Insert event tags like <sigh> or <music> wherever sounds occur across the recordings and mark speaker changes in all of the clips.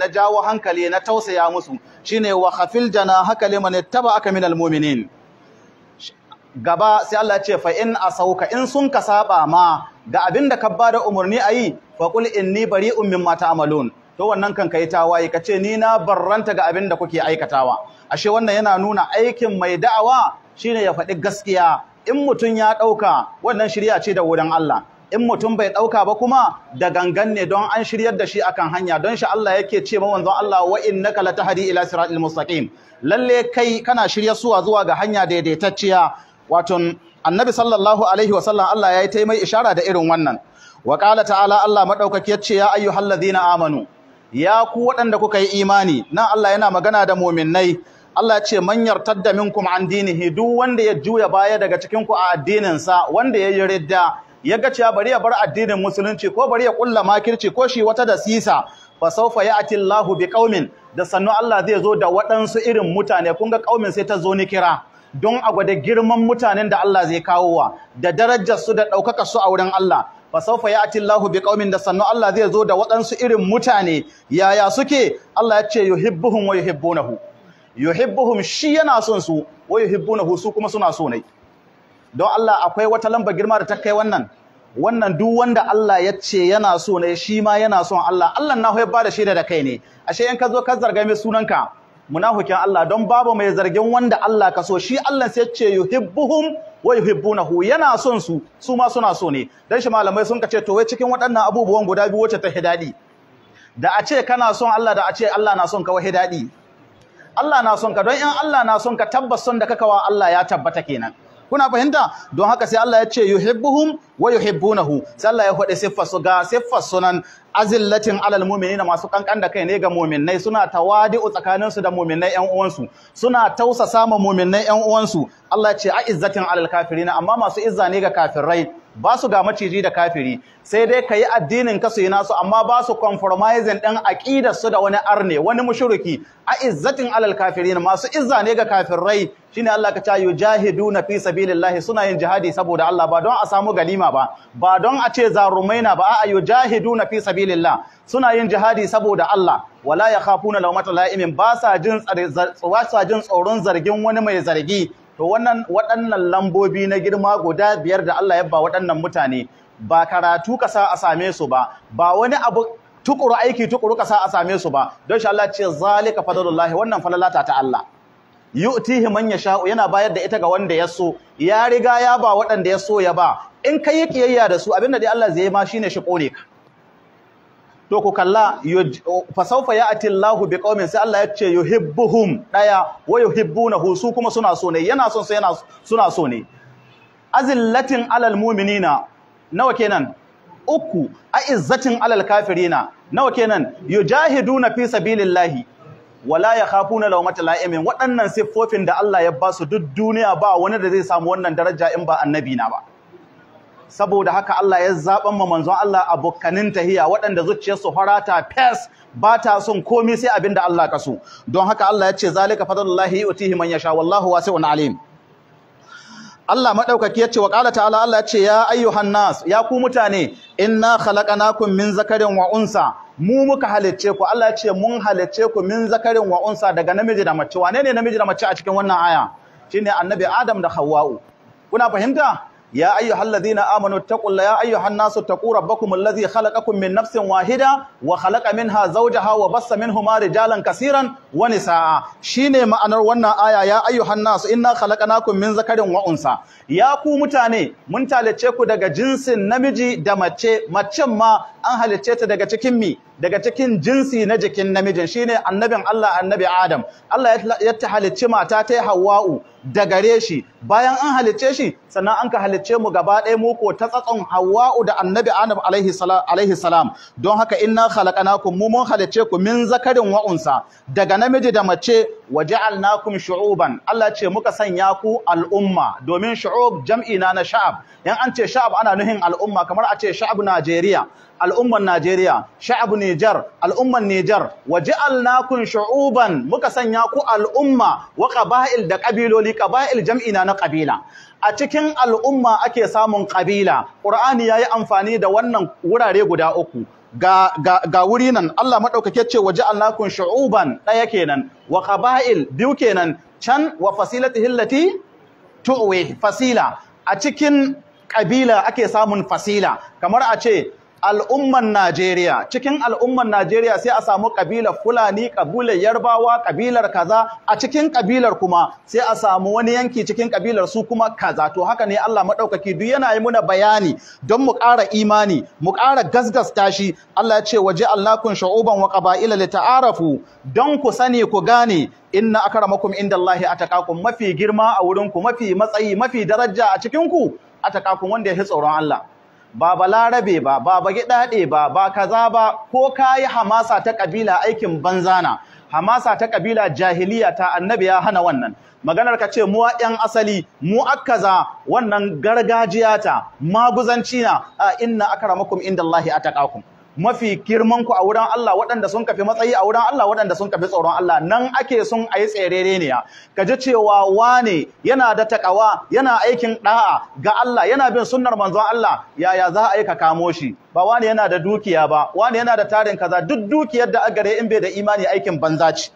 Speaker 1: na jawo hankali na tausaya musu shine wa khafil haka liman aka minal mu'minin gaba sai Allah ya ce fa in asauka in sun ka saba ma ga abin da ka bada umarni ayi fa qul inni bari'un mimma ta'malun to wannan kan kai tawaye kace ni na barranta ga abin da kuke aikatawa ashe wannan yana nuna aikin mai da'awa shine ya faɗi gaskiya in mutum ya ɗauka. wannan shirya ce da wurin Allah in mutum bai ɗauka ba kuma da gangan ne don an shiryar da shi akan hanya don shi Allah yake ce ma wanzan Allah wa innaka latahdi ila siratil mustaqim lalle kai kana shirya suwa zuwa ga hanya daidaitacciya waton annabi sallallahu alaihi wasallam Allah ya yi taimai ishara da irin wannan wa qala ta'ala Allah madaukaki ce ya ayyuhalladhina amanu ya ku waɗanda kuka yi imani nan Allah yana magana da muminai Allah ce man yartadda minkum an dinihi duk wanda ya juya baya daga cikin ku a addinin sa wanda ya yi ridda ya ga cewa bari ya bar addinin musulunci ko bari ya kulla makirci ko shi wata da sisa fa sawfa ya'ti Allahu bi da sannu Allah zai zo da waɗansu irin mutane kun ga qaumin sai ta zo ni kira don a gwada girman mutanen da Allah zai kawo wa da darajar su da ɗaukaka su a wurin Allah fa sawfa ya'ti Allahu bi qaumin da sannu Allah zai zo da waɗansu irin mutane yaya suke Allah ya ce yuhibbuhum wa yuhibbunahu yuhibbuhum shi yana son su wa yuhibbunahu su kuma suna sonai. don Allah akwai wata lamba girma da ta kai wannan wannan duk wanda Allah ya ce yana so ne shi ma yana son Allah Allah na ya bada shaida da kai ne ashe in ka zo ka zarga mai sunanka munafikin Allah don babu mai zargin wanda Allah ka so shi Allah sai ce yuhibbuhum wa yuhibbunahu yana son su su ma suna so ne dan shi malamai sun kace to wai cikin waɗannan abubuwan guda biyu wacce ta hidadi da a ce kana son Allah da a ce Allah na son ka wa hidadi Allah na son ka don in Allah na son ka tabbas son da kakawa Allah ya tabbata kenan kuna fahimta don haka sai Allah ya ce yuhibbuhum wa yuhibbunahu sai Allah ya faɗi siffar su ga siffar sunan azillatin alal mu'minina masu kankan da kai ne ga mu'minnai suna tawadi'u tsakanin su da mu'minnai ƴan uwansu suna tausasa ma mu'minnai ƴan uwansu Allah ya ce a izzatin alal kafirina amma masu izza ne ga kafirai ba su ga maciji da kafiri sai dai ka yi addinin ka su yi nasu amma ba su compromising ɗin aƙidar su da wani arne wani mushriki a izzatin alal kafirin masu izza ne ga kafirai shine Allah ka ce na fi sabilillahi suna yin jihadi saboda Allah ba don a samu ganima ba ba don a ce zarumaina ba a na fi sabilillah suna yin jihadi saboda Allah wala ya lawmata la'imin ba sa jin tsoron zargin wani mai zargi to wannan waɗannan lambobi na girma guda biyar da Allah ya ba waɗannan mutane ba karatu ka sa a same su ba ba wani abu tukuru aiki tukuru ka sa a same su ba don shi Allah ce zalika fadlullahi wannan falalata ta Allah yu'tihi man yasha'u yana bayar da ita ga wanda ya so ya riga ya ba waɗanda ya so ya ba in kai kiyayya da su abinda dai Allah zai yi ma shine shi to ku kalla fa sawfa ya'ti Allahu bi qaumin sai Allah ya ce yuhibbuhum daya wa yuhibbunahu su kuma suna so ne yana son su yana suna so ne azillatin alal mu'minina nawa kenan uku a'izzatin alal kafirina nawa kenan yujahiduna fi sabilillahi wala yakhafuna lawmata la'imin waɗannan siffofin da Allah ya ba su duk duniya ba wani da zai samu wannan daraja in ba annabi na ba saboda haka Allah ya zaban ma manzon Allah abokanin tahiya waɗanda zuciyarsu harata fes ba ta son komai sai abin da Allah kasu. don haka Allah ya ce zalika fadlullahi yu'tihi man yasha wallahu wasi'un alim Allah maɗaukaki ya ce wa qala ta'ala Allah ya ce ya ayyuhan nas ya ku mutane inna khalaqnakum min zakarin wa unsa mu muka halicce ku Allah ya ce mun halicce ku min zakarin wa unsa daga namiji da mace wane ne namiji da mace a cikin wannan aya shine annabi Adam da Hawwa'u kuna fahimta يا أيها الذين آمنوا اتقوا الله يا أيها الناس اتقوا ربكم الذي خلقكم من نفس واحدة وخلق منها زوجها وبص منهما رجالا كثيرا ونساء شيني ما أنا ونا آية يا أيها الناس إنا خلقناكم من ذكر وأنثى يا كو متاني من تالتشيكو دغا جنس نمجي دمتشي متشما أن هالتشيت دغا تشكمي daga cikin jinsi na jikin namijin shine annabin Allah annabi Adam Allah ya halicci mata ta Hawwa'u da gare shi bayan an halicce shi sannan an ka halicce mu gaba ɗaya mu ko ta tsatson Hawwa'u da Annabi Adam alaihi salam don haka inna khalaqnakum mu mun halicce ku min zakarin wa'unsa daga namiji da mace waja'alnakum shu'uban Allah ce muka sanya ku al'umma domin shu'ub jam'i na na sha'ab yan an ce sha'ab ana nuhin al'umma kamar a ce sha'ab Najeriya al'umman Najeriya sha'ab Niger al'umman Niger waja'alnakum shu'uban muka sanya ku al'umma wa qaba'il da qabiloli qaba'il jam'i na na qabila a cikin al'umma ake samun qabila Qur'ani yayi amfani da wannan wurare guda uku ga wuri nan Allah madaukake ce waja'alnakum shu'uban ɗaya kenan wa ƙabail biyu kenan can wa fasilatihi allati tu'wi fasila a cikin ƙabila ake samun fasila kamar a ce al'umman Najeriya cikin al'umman Najeriya sai a samu kabilar Fulani kabilar Yarbawa kabilar kaza a cikin kabilar kuma sai a samu wani yanki cikin kabilar su kuma kaza to haka ne Allah madaukaki duk yana yi muna bayani don mu ƙara imani mu ƙara gasgasta shi Allah ya ce waje allakun shu'uban wa qaba'ila ta'arafu don ku sani ku gane inna akramakum indallahi ataqakum mafi girma a wurin ku mafi matsayi mafi daraja a cikin ku ataqakum wanda ya tsoron Allah ba balarabe ba ba bagidaɗe ba ba kaza ba ko ka yi hamasa ta kabila aikin banzana hamasa ta ƙabila jahiliya ta annabi ya hana wannan maganar ka ce mu yan asali mu akaza wannan gargajiya ta maguzanci na inna akramakum indallahi ataqakum mafi girman ku a wurin Allah waɗanda sun kafi matsayi a wurin Allah waɗanda sun kafi tsoron Allah nan ake sun ayi tserere ne ka ji cewa wane yana da takawa yana aikin da'a ga Allah yana bin sunnar manzon Allah yaya za a yi ka kamo shi ba wane yana da dukiya ba wane yana da tarin kaza duk dukiyar da agare in bai da imani aikin banza ce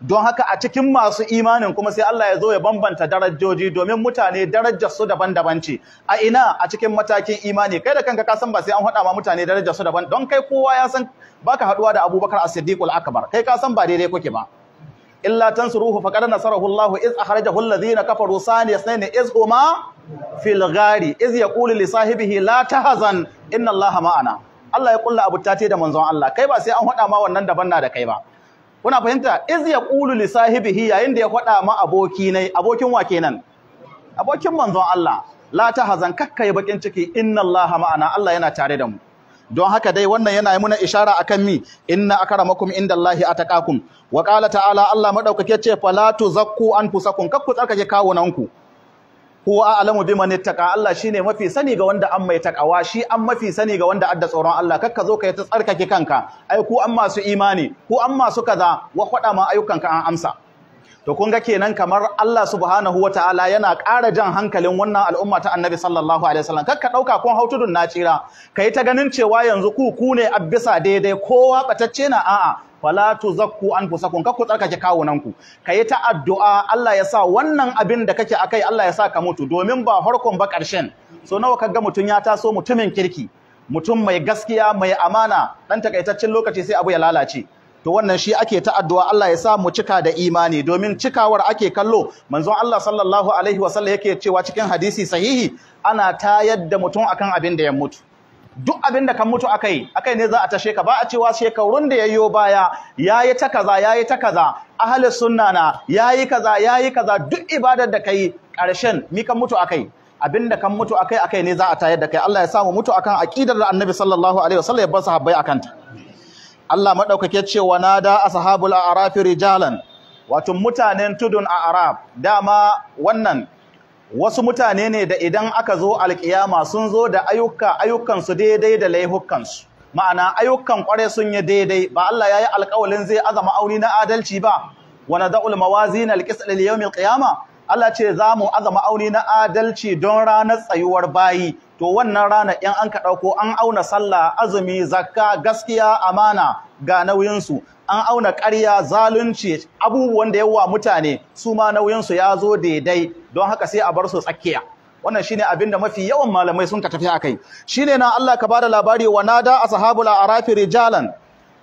Speaker 1: don haka a cikin masu imanin kuma sai Allah ya zo ya bambanta darajoji domin mutane darajar su daban-daban ce a ina a cikin matakin imani kai da kanka ka san ba sai an faɗa ma mutane darajar su daban don kai kowa ya san baka haɗuwa da Abubakar As-Siddiq al-Akbar kai ka san ba daidai kuke ba illa tansuruhu faqad nasarahu Allahu iz akhrajahu alladhina kafaru sani yasnani iz huma fil ghari iz yaqulu li sahibihi la tahzan inna Allaha ma'ana Allah ya kulla abu tate da manzon Allah kai ba sai an hada ma wannan daban na da kai ba kuna fahimta iz ƙulu li bihi yayin da ya faɗa ma aboki nai abokin wa kenan abokin manzon Allah la hazan, kakka yi bakin ciki inna ma'ana Allah yana tare da mu don haka dai wannan yana yi muna ishara a kan mi inna a akramakum indallahi ataqakum wa ƙala ta'ala Allah maɗaukaki ce fala an fusakun, kakku tsarkake kawunanku huwa a'lamu biman ittaqa Allah shine mafi sani ga wanda an mai takawa shi an mafi sani ga wanda adda tsoron Allah kakka zo kai ta tsarkake kanka ai ku an masu imani ku an masu kaza wa kwada ma ayyukanka an amsa to kun ga kenan kamar Allah subhanahu ta'ala yana ƙara jan hankalin wannan al'umma ta Annabi sallallahu alaihi wasallam kakka dauka kun na tsira kai ta ganin cewa yanzu ku ku ne abbisa daidai kowa batacce na a'a fala tuzakku anfusakum kakku tsarkake kawunanku kayi ta addu'a Allah ya sa wannan abin da kake akai Allah ya sa ka mutu domin ba farkon ba karshen so nawa ka ga mutun ya taso mutumin kirki mutum mai gaskiya mai amana dan takaitaccen lokaci sai abu ya lalace to wannan shi ake ta addu'a Allah ya sa mu cika da imani domin cikawar ake kallo manzon Allah sallallahu alaihi wasallam yake cewa cikin hadisi sahihi ana tayar da mutum akan abin da ya mutu duk abin da kan mutu akai akai ne za a tashe ka ba a cewa shekarun da yayyo baya yayi ta kaza yayi ta kaza ahli sunna na yayi kaza yayi kaza duk ibadar da kai karshen mi kan mutu akai abin da kan mutu akai ne za a tayar da kai Allah ya samu mutu akan aƙidar da Annabi sallallahu alaihi wasallam ya bar sahabbai akan ta Allah madaukake cewa nada ashabul arafi rijalan wato mutanen tudun arab dama wannan wasu mutane ne da idan aka zo alƙiyama sun zo da ayyuka ayyukansu daidai da laihukansu ma'ana ayyukan kware sun yi daidai ba Allah ya yi alƙawalin zai azama auni na adalci ba wana da mawazin alqisl li yawmil qiyama Allah ce za mu azama auni na adalci don ranar tsayuwar bayi to wannan rana in an ka dauko an auna sallah azumi zakka gaskiya amana ga nauyinsu an auna ƙarya zalunci abubuwan da yawa mutane su ma nauyinsu ya zo daidai don haka sai a bar su tsakiya wannan shine abin da mafi yawan malamai sun ka tafi akai shine na Allah ka bada labari wa nada ashabul araf rijalan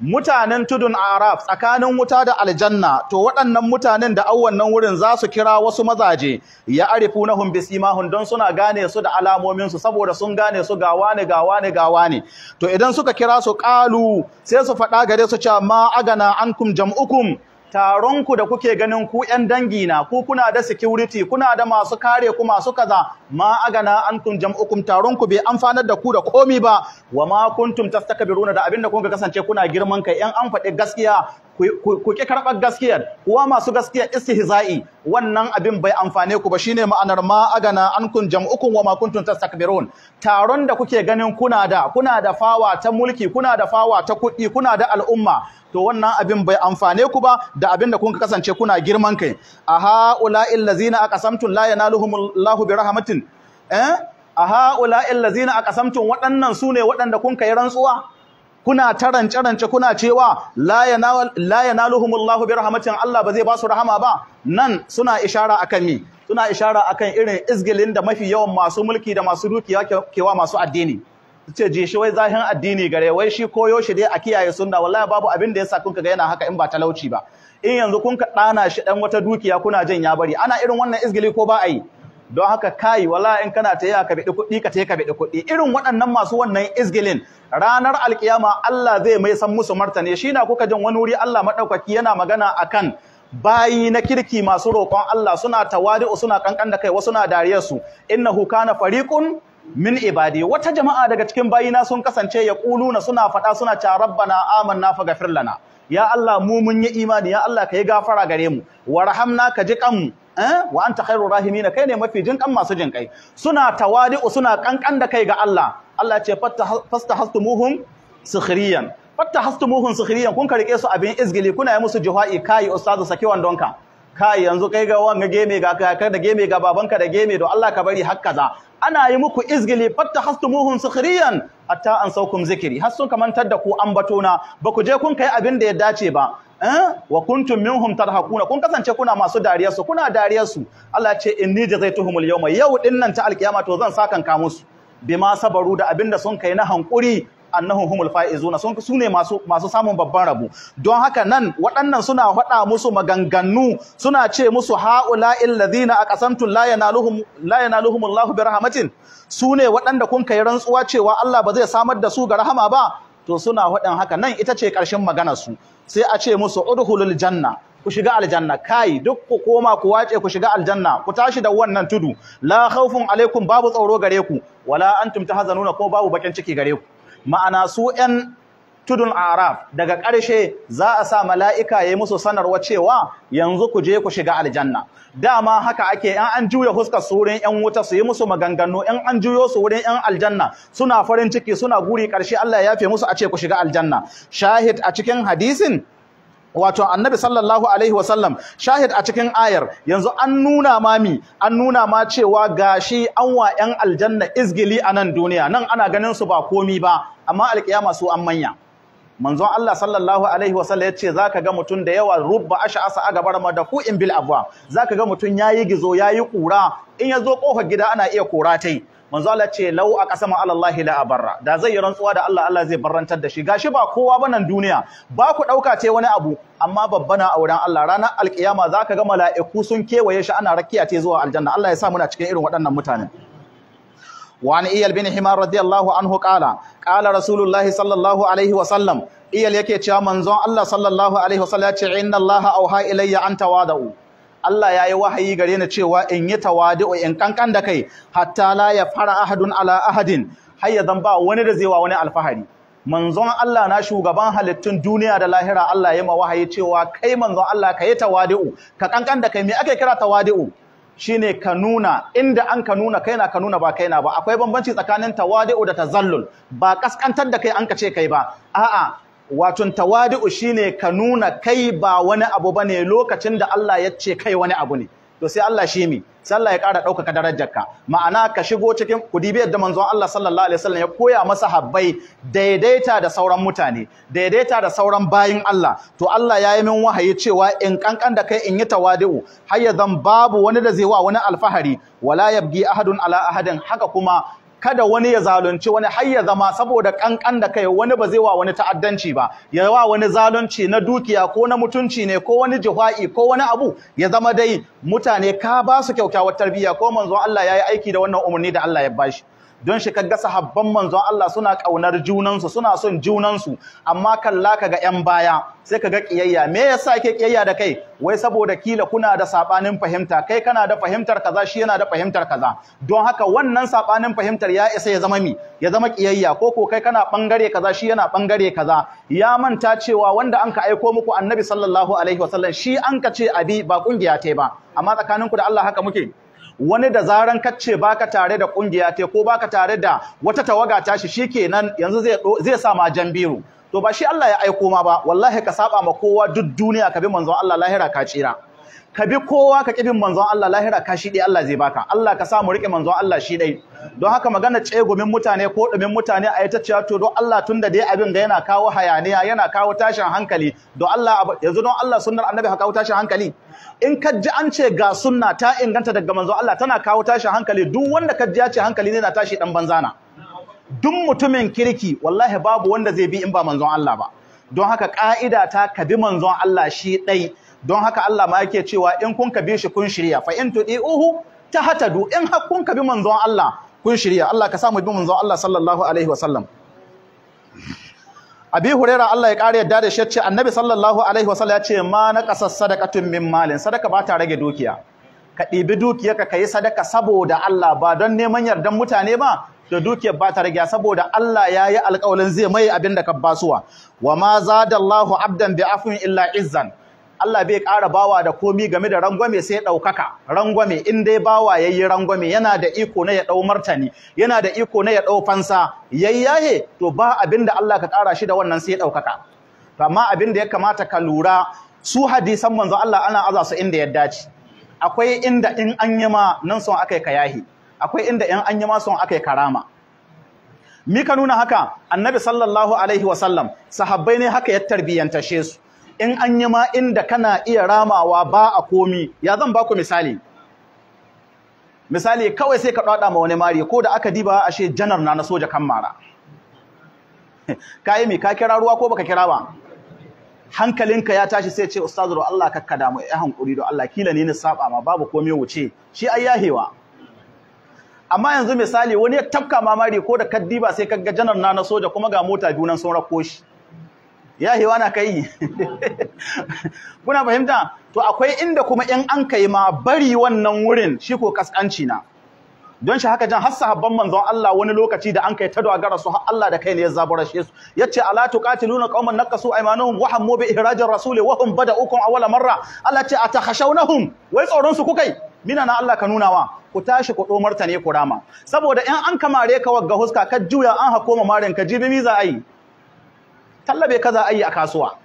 Speaker 1: mutanen tudun araf tsakanin wuta da aljanna to waɗannan mutanen da auwannan wurin za su kira wasu mazaje ya arifu nahum bisimahun don suna gane su da alamomin su saboda sun gane su ga wani ga wani ga wani to idan suka kira su qalu sai su faɗa gare su cewa ma agana ankum jam'ukum taronku da kuke ganin ku ‘yan dangi na, ku kuna da security, kuna da masu kare ku masu kaza, ma agana an kun jam'ukum taronku bai amfanar da ku da komi ba, wa ma kuntum tastakbiruna da abin da kuka kasance kuna girman kai ‘yan an faɗi gaskiya ku ki karɓar gaskiyar kuwa masu gaskiyar istihza'i wannan abin bai amfane ku ba shine ma'anar ma agana an kun wa ma kuntum tastakbirun taron da kuke ganin kuna da kuna da fawa ta mulki kuna da fawa ta kuɗi kuna da al'umma to wannan abin bai amfane ku ba da abin da kun kasance kuna girman kai aha ula'il ladzina aqasamtum la yanaluhumullahu birahmatin eh aha ula'il a aqasamtum waɗannan sune waɗanda kun kai rantsuwa kuna tarance rance kuna cewa la yanal la yanaluhumullahu birahmatin Allah ba zai ba su rahama ba nan suna ishara akan ni suna ishara akan irin izgilin da mafi yawan masu mulki da masu dukiya kewa masu addini ce je shi wai zahin addini gare wai shi koyo shi dai a kiyaye sunna wallahi babu abin da yasa kunka ga yana haka in ba talauci ba in yanzu kunka dana shi dan wata dukiya kuna jin ya bari ana irin wannan izgili ko ba a yi don haka kai wala in kana ta yi ka kuɗi ka ta yi ka kuɗi irin waɗannan masu wannan isgilin ranar alkiyama Allah zai mai san musu martani shi na kuka jin wani wuri Allah maɗaukaki yana magana akan bayi na kirki masu roƙon Allah suna tawadi'u suna kankan da kai wasu na dariyar su huka na fariqun min ibadi wata jama'a daga cikin bayina sun kasance ya na suna faɗa suna ta rabbana amanna faga lana ya Allah mu mun yi imani ya Allah ka yi gafara gare mu warhamna ka ji kanmu Eh? wa anta khairur rahimin kai ne mafi jinkan masu jinkai suna tawadi'u suna kankan da kai ga Allah Allah ce fastahastumuhum sukhriyan fastahastumuhum sukhriyan kun karike su abin izgili kuna yi musu jihwa'i kai ustazu saki wandonka kai yanzu kai ga wanga game ga kai da game ga babanka da game do Allah ka bari har ana yi muku izgili fastahastumuhum sukhriyan hatta an saukum zikiri har sun kamantar da ku ambatona ba ku je kun kai abin da ya dace ba Eh? wa kuntum minhum tarhaquna kun kasance kuna masu dariyar su kuna dariyar su Allah ce inni jazaituhumul yawma yau din nan ta alkiyama to zan sakan ka musu bima sabaru da abinda sun kai na hankuri annahum humul faizuna sun sune masu masu samun babban rabu don haka nan waɗannan suna faɗa musu maganganu suna ce musu haula ladina aqasamtu la yanaluhum la yanaluhumullahu Allahu bi rahmatin sune waɗanda kun kai rantsuwa cewa Allah ba zai samar da su ga rahama ba to suna faɗin haka nan ita ce ƙarshen maganar su sai a ce musu udhulul janna ku shiga aljanna kai duk ku koma ku wace ku shiga aljanna ku tashi da wannan tudu la khawfun alaikum babu tsoro gare ku wala antum tahzanuna ko babu bakin ciki gare ku ma'ana su ƴan tudun araf daga ƙarshe za a sa mala'ika ya yi musu sanarwa cewa yanzu ku je ku shiga aljanna dama haka ake in an juya huskar su wurin yan wuta su yi musu maganganu in an juyo su wurin yan aljanna suna farin ciki suna guri ƙarshe, Allah ya yafe musu a ce ku shiga aljanna shahid a cikin hadisin wato annabi sallallahu alaihi wasallam shahid a cikin ayar yanzu an nuna mami an nuna ma cewa gashi an wa yan aljanna izgili a nan duniya nan ana ganin su ba komi ba amma alkiyama su an manya manzon Allah sallallahu alaihi wasallam yace zaka ga mutun da yawa rubba da ku in bil abwa zaka ga mutun yayi gizo yayi kura in yazo kofar gida ana iya kura tai manzo Allah ce lau a kasa alallahi la abarra da zai yi rantsuwa da Allah Allah zai barantar da shi gashi ba kowa ba nan duniya ba ku dauka ce wani abu amma babba na auren Allah ranar alkiyama zaka ga mala'iku sun kewaye shi ana rakiya ce zuwa aljanna Allah ya sa muna cikin irin waɗannan mutanen Wani iyal bin حمار رضي الله عنه قال قال رسول الله صلى Iyal yake cewa manzon Allah Sallallahu alaihi الله صلى الله عليه وسلم إن الله أوحى Allah ya yi wahayi gare ni cewa in yi tawadu in kankan da kai hatta la ya fara ahadun ala ahadin har ya zan ba wani da zai wa wani alfahari manzon Allah na shugaban halittun duniya da lahira Allah ya ma wahayi cewa kai manzon Allah ka yi tawadu ka kankan da kai me ake kira tawadu shine ka nuna inda an ka nuna kaina ka nuna ba kaina ba akwai bambanci tsakanin tawadi'u da tazallul ba kaskantar da kai an ka ce kai ba a'a wato tawadi'u shine ka nuna kai ba wani abu bane lokacin da Allah ya ce kai wani abu ne to sai Allah shi mi sai ya ƙara ɗaukaka darajarka ma'ana ka shigo cikin kudibiyar da manzon Allah sallallahu alaihi wasallam ya koya masa habbai daidaita da sauran mutane daidaita da sauran bayin Allah to Allah ya yi min wahayi cewa in kankan da kai in yi tawadi'u har zan babu wani da zai wa wani alfahari wala yabgi ahadun ala ahadin haka kuma kada wani ya zalunci wani har ya zama saboda kankan da kai wani ba zai wa wani ta'addanci ba ya wa wani zalunci na dukiya ko na mutunci ne ko wani jihwa'i ko wani abu ya zama dai mutane ka ba su kyaukyawar tarbiyya ko manzon Allah yayi aiki da wannan umarni da Allah ya bashi don shi kaga sahabban manzon Allah suna kaunar junansu suna son junansu amma kalla kaga yan baya sai kaga kiyayya me yasa yake kiyayya da kai wai saboda kila kuna da sabanin fahimta kai kana da fahimtar kaza shi yana da fahimtar kaza don haka wannan sabanin fahimtar ya isa ya zama mi ya zama kiyayya ko ko kai kana bangare kaza shi yana bangare kaza ya manta cewa wanda anka aiko muku annabi sallallahu alaihi wasallam shi anka ce abi ba kungiya tai ba amma tsakaninku da Allah haka muke wani da zaran kace baka tare da kungiya te ko baka tare da wata tawaga ta shi shikenan yanzu zai zai sa ma jambiru to ba shi Allah ya aiko ma ba wallahi ka saba ma kowa duk duniya ka bi manzon Allah lahira ka tsira ka bi kowa ka kibin manzon Allah lahira ka shi dai Allah zai baka Allah ka samu rike manzon Allah shi dai don haka magana tsegumin mutane ko dumin mutane a ita cewa to don Allah tunda dai abin da yana kawo hayaniya yana kawo tashin hankali don Allah yanzu don Allah sunnar annabi ka kawo tashin hankali in ka ji an ce ga sunna ta inganta daga manzo Allah tana kawo tashi hankali duk wanda ka ji ya ce hankali ne na tashi dan banzana duk mutumin kirki wallahi babu wanda zai bi in ba manzon Allah ba don haka ka'ida ta ka bi manzon Allah shi dai don haka Allah ma yake cewa in kun ka bi shi kun shirya fa in tudiuhu tahtadu in har kun ka bi manzon Allah kun shirya Allah ka samu bi manzon Allah sallallahu alaihi wasallam abi huraira Allah ya kare yadda da shi ce annabi sallallahu alaihi wasallam ya ce ma na qasas sadaqatun min malin sadaka ba ta rage dukiya ka ɗibi dukiyarka ka yi sadaka saboda Allah ba don neman yardan mutane ba da dukiyar ba ta rage saboda Allah ya yi alƙawarin zai mai abin da ka basuwa wa ma zadallahu abdan bi afwin illa izzan Allah bai ƙara bawa da komi game da rangwame sai ɗaukaka rangwame in dai bawa ya yi rangwame yana da iko na ya ɗau martani yana da iko na ya ɗau fansa yahe to ba abin da Allah ka ƙara shi da wannan sai ɗaukaka to amma abin da ya kamata ka lura su hadisan manzo Allah ana aza su inda ya dace akwai inda in an yi ma nan son aka yi yahe akwai inda in an yi ma son aka yi karama mi ka nuna haka annabi sallallahu alaihi wasallam sahabbai ne haka ya tarbiyantashe su in an yi ma inda kana iya ramawa ba a komi ya zan baku misali misali kawai sai ka ɗaɗa ma wani mari ko da aka diba ashe janar na na soja kan mara <laughs> kai me ka kira ruwa ko baka kira ba hankalinka ya tashi sai ce ustazu Allah kakka damu ya hankuri don Allah kila ne ni saba ma babu komai wuce shi ai yahewa amma yanzu misali wani ya tafka mamari ko da kaddiba sai kaga janar na na soja kuma ga mota biyu nan sun rako shi ya hewa na kai kuna fahimta to akwai inda kuma in an kai ma bari wannan wurin shi ko kaskanci na don shi haka jan har sahabban manzon Allah wani lokaci da an kai ta dogara su Allah da kai ne ya zabarashe su yace ala tuqatiluna qauman naqasu aymanuhum wa hammu bi ihrajir rasuli wa hum bada'ukum awwala marra Allah ce atakhashawnahum wai tsoron su kukai mina na Allah ka nuna wa ku tashi ku domarta ne ku rama saboda in an kamare ka wagga huska ka juya an hako ma marin ka jibi mi za ai tallabe kaza ayi a kasuwa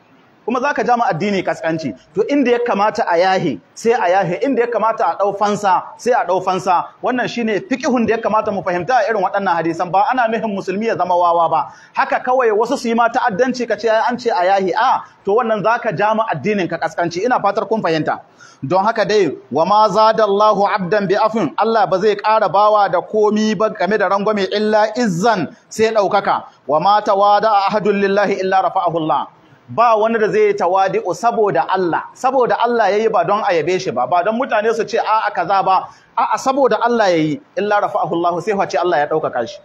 Speaker 1: kuma zaka jama addini kaskanci to inda ya kamata a yahe sai a yahe inda ya kamata a dau fansa sai a ɗaufansa. fansa wannan shine fiƙihun da ya kamata mu fahimta a irin waɗannan hadisan ba ana mihin musulmi ya zama wawa ba haka kawai wasu su yi ma ta'addanci ka ce an ce a yahe a to wannan zaka jama addinin ka kaskanci ina fatar kun fahimta don haka dai wa ma zadallahu abdan bi afin Allah ba zai ƙara bawa da komi ba game da rangwame illa izzan sai ɗaukaka wa ma tawada ahadun lillahi illa rafa'ahu Allah ba wani da zai tawadi'u saboda Allah saboda Allah yayi ba don ayabe shi ba ba don mutane su ce a a kaza ba a a saboda Allah yayi illa rafa'ahu Allah sai face Allah ya dauka shi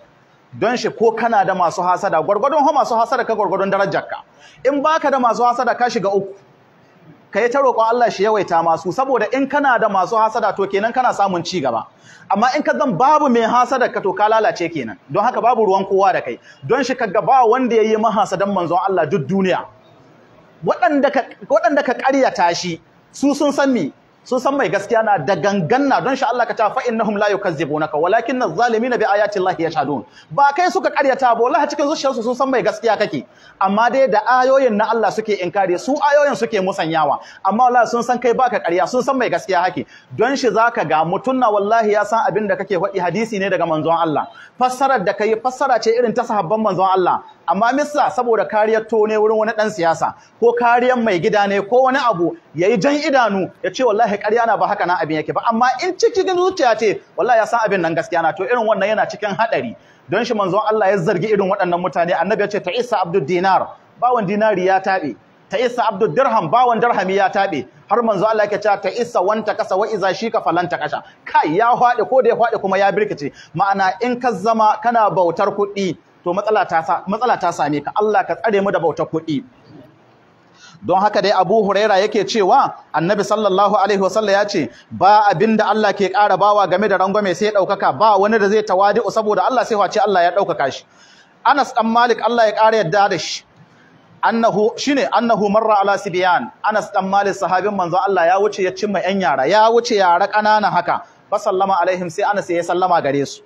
Speaker 1: don shi ko kana da masu hasada gwargwadon ho masu hasada ka gwargwadon darajarka in baka da masu hasada ka shiga uku ka yi ta roƙon Allah shi yawaita masu saboda in kana da masu hasada to kenan kana samun ci gaba amma in ka zan babu mai hasada ka to ka lalace kenan don haka babu ruwan kowa da kai don shi kaga ba wanda yayi mahasadan manzon Allah duk duniya waɗanda ka ƙaryata shi su sun san mi sun san mai gaskiya na da ganganna don sha Allah ka ta fa innahum la naka walakin az-zalimina bi ayati Allah yashhadun ba kai suka karyata ba wallahi cikin zuciyarsu sun san mai gaskiya kake amma dai da ayoyin na Allah suke inkari su ayoyin suke musanyawa amma wallahi sun san kai baka karya sun san mai gaskiya kake don shi zaka ga mutum na wallahi ya san abin da kake faɗi hadisi ne daga manzon Allah fassarar da yi fassara ce irin ta sahabban manzon Allah amma missa saboda kariyar to ne wurin wani dan siyasa ko kariyar mai gida ne ko wani abu yayi jan idanu ya ce wallahi ƙarya na ba haka nan abin yake ba amma in cikin zuciya ce wallahi ya san abin nan gaskiya na to irin wannan yana cikin hadari don shi manzon Allah ya zargi irin waɗannan mutane annabi ya ce ta isa Abdul dinar bawon dinari ya taɓe. ta isa Abdul dirham bawon dirhami ya taɓe. har manzo Allah yake cewa ta isa wanta kasa wa iza shi ka falanta kasha kai ya hwade ko da ya hwade kuma ya birkice ma'ana in ka zama kana bautar kuɗi to matsala ta same ka Allah ka tsare mu da bauta kuɗi don haka dai Abu Huraira yake cewa Annabi sallallahu alaihi wasallam ya ce ba da Allah ke ƙara bawa game da rangwame sai ya ɗaukaka ba wani da zai tawadi'u saboda Allah sai wace Allah ya ɗaukaka shi Anas ɗan Malik Allah ya ƙara yadda da shi annahu shine annahu marra ala sibyan Anas ɗan Malik sahabin manzo Allah ya wuce ya cimma yan yara ya wuce yara ƙanana haka fa sallama alaihim sai Anas ya sallama gare su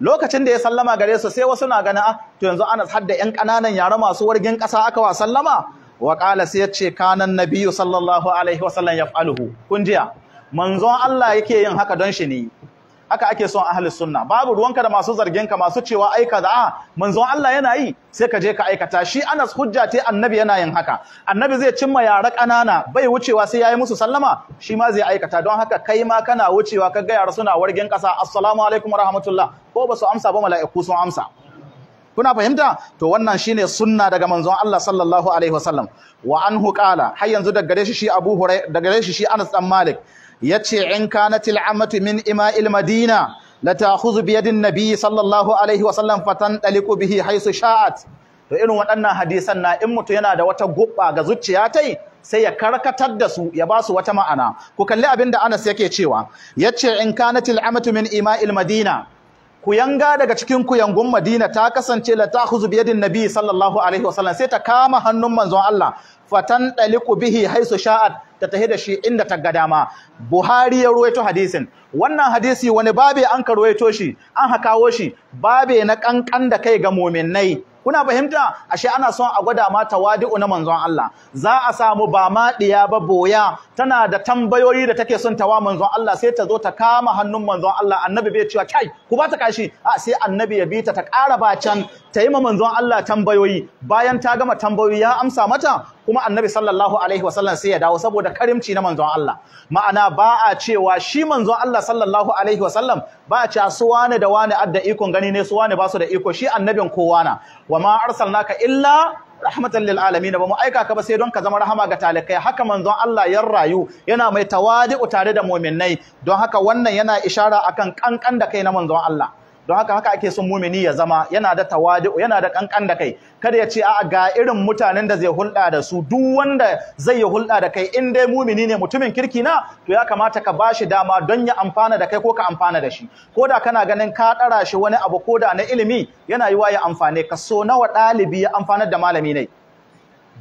Speaker 1: lokacin da ya sallama gare su sai wasu na gana ah to yanzu Anas hadda 'yan kananan yara masu wargin ƙasa aka wa sallama wa qala sai ya ce kanan nabiyyu sallallahu alaihi wasallam yaf'aluhu kun jiya manzon Allah yake yin haka don shi ne haka ake son ahlus sunna babu ruwanka da masu zargin ka masu cewa ai a manzon Allah yana yi sai ka je ka aikata shi Anas hujja te annabi yana yin haka annabi zai cimma yara kanana bai wucewa sai yayi musu sallama shi ma zai aikata don haka kai ma kana wucewa kaga yara suna wargin kasa assalamu alaikum ko ba su amsa ba mala'iku sun amsa kuna fahimta to wannan shine sunna daga manzon Allah sallallahu alaihi wasallam wa anhu qala har yanzu daga gare shi shi Abu Hurairah daga gare shi shi Anas dan Malik yace in kanatil amatu min ima'il madina la ta'khudhu bi yadin nabiy sallallahu alaihi fatan bihi haisu sha'at to irin waɗannan hadisan na in mutu yana da wata guba ga zuciya tai sai ya karkatar da su ya ba su wata ma'ana ku kalli abin da Anas yake cewa yace in kanatil amatu min ima'il madina yanga daga cikin kuyangun Madina ta kasance la ta'khudhu sallallahu alaihi wasallam sai ta kama hannun manzon Allah fatan ɗaliku bihi haisu sha'at ta tahi da shi inda ta ga dama Buhari ya ruwaito hadisin wannan hadisi wani babe an ka ruwaito shi an hakawo shi babe na kankan da kai ga muminai. kuna fahimta ashe ana son a gwada ma tawadi'u na manzon Allah za a samu ba ma diya ba boya tana da tambayoyi da take son tawa manzon Allah sai ta zo ta kama hannun manzon Allah annabi bai cewa kai ku ba ta kashi a sai annabi ya bi ta ta ƙara ba can ta yi ma manzon Allah tambayoyi bayan ta gama tambayoyi ya amsa mata kuma annabi sallallahu alaihi wasallam sai ya dawo saboda karimci na manzon Allah ma'ana ba a cewa shi manzon Allah sallallahu alaihi wasallam ba a cewa su wani da wani adda ikon gani ne su wani ba su da iko shi annabin kowa na wa ma arsalnaka illa rahmatan lil alamin ba mu aika ka ba sai don ka zama rahama ga talikai haka manzon Allah ya rayu yana mai tawadi'u tare da mu'minai don haka wannan yana ishara akan kankan da kai na manzon Allah don haka haka ake son mumini ya zama yana da tawadu yana da kankan da kai kada ya ce a'a ga irin mutanen da zai hulɗa da su duk wanda zai yi hulɗa da kai in dai mumini ne mutumin kirki na to ya kamata ka bashi dama don ya amfana da kai ko ka amfana da shi ko da kana ganin ka ɗara shi wani abu ko da na ilimi yana yiwa ya amfane ka so nawa ɗalibi ya amfanar da malami ne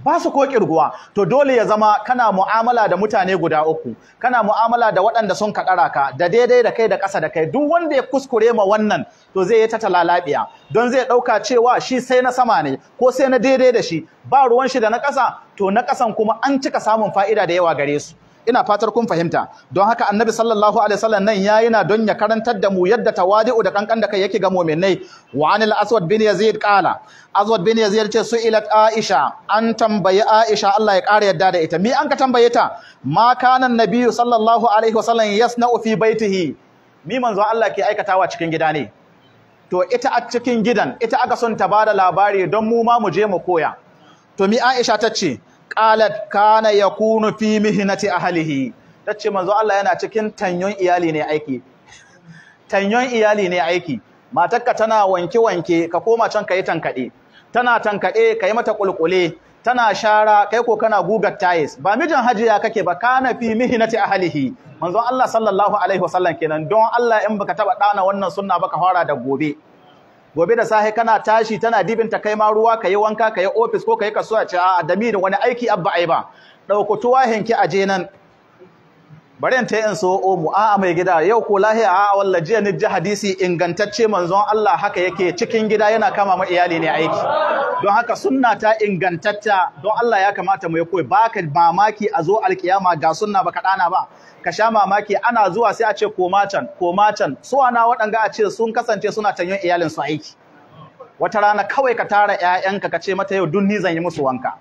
Speaker 1: ba su ko kirguwa to dole ya zama kana mu'amala da mutane guda uku kana mu'amala da waɗanda sun ƙara ka da daidai da kai da ƙasa da kai duk wanda ya kuskure ma wannan to zai yi ta talalabiya don zai ɗauka cewa shi sai na sama ne ko sai na daidai da shi ba ruwan shi da na ƙasa to na ƙasan kuma an cika samun fa'ida da yawa gare su ina fatar kun fahimta don haka annabi sallallahu alaihi wasallam nan yayi na don ya karantar da mu yadda tawadi'u da kankan da kai yake ga mu'minai wa anil aswad bin yazid qala aswad bin yazid ce su ilat aisha an tambayi aisha Allah ya kare yadda da ita mi an ka tambaye ta ma kana nabiyyu sallallahu alaihi wasallam yasna'u fi baitihi mi manzo Allah ke aikatawa cikin gida ne to ita a cikin gidan ita aka son ta bada labari don mu ma mu je mu koya to mi aisha ta ce qalat kana yakunu fi mihnati ahlihi tace manzo Allah yana cikin tanyon iyali ne aiki tanyon iyali ne aiki matarka tana wanke wanke ka koma can kai tankade tana tankade kai mata kulkule tana shara kai ko kana guga tayis ba mijin hajiya kake ba kana fi mihnati ahlihi manzo Allah sallallahu alaihi wasallam kenan don Allah in baka taba dana wannan sunna baka fara da gobe gobe da sahe kana tashi tana dibin ta kai ma ruwa kayi wanka kayi ofis ko kayi kasuwa ci a da wani aiki abba ai ba ɗaukutuwa tuwahin a aje nan bari in ta in so mu a'a mai gida yau ko lahiya a'a walla jiya ni ji hadisi ingantacce manzon Allah haka yake cikin gida yana kama ma iyali ne aiki don haka sunna ta ingantacce don Allah ya kamata mu ya koyi baka mamaki a zo alkiyama ga sunna baka dana ba ka sha mamaki ana zuwa sai a ce koma can koma can su ana waɗanga a ce sun kasance suna tanyon iyalin su aiki wata rana kawai ka tara ƴaƴanka ka ce mata yau dun ni zan yi musu wanka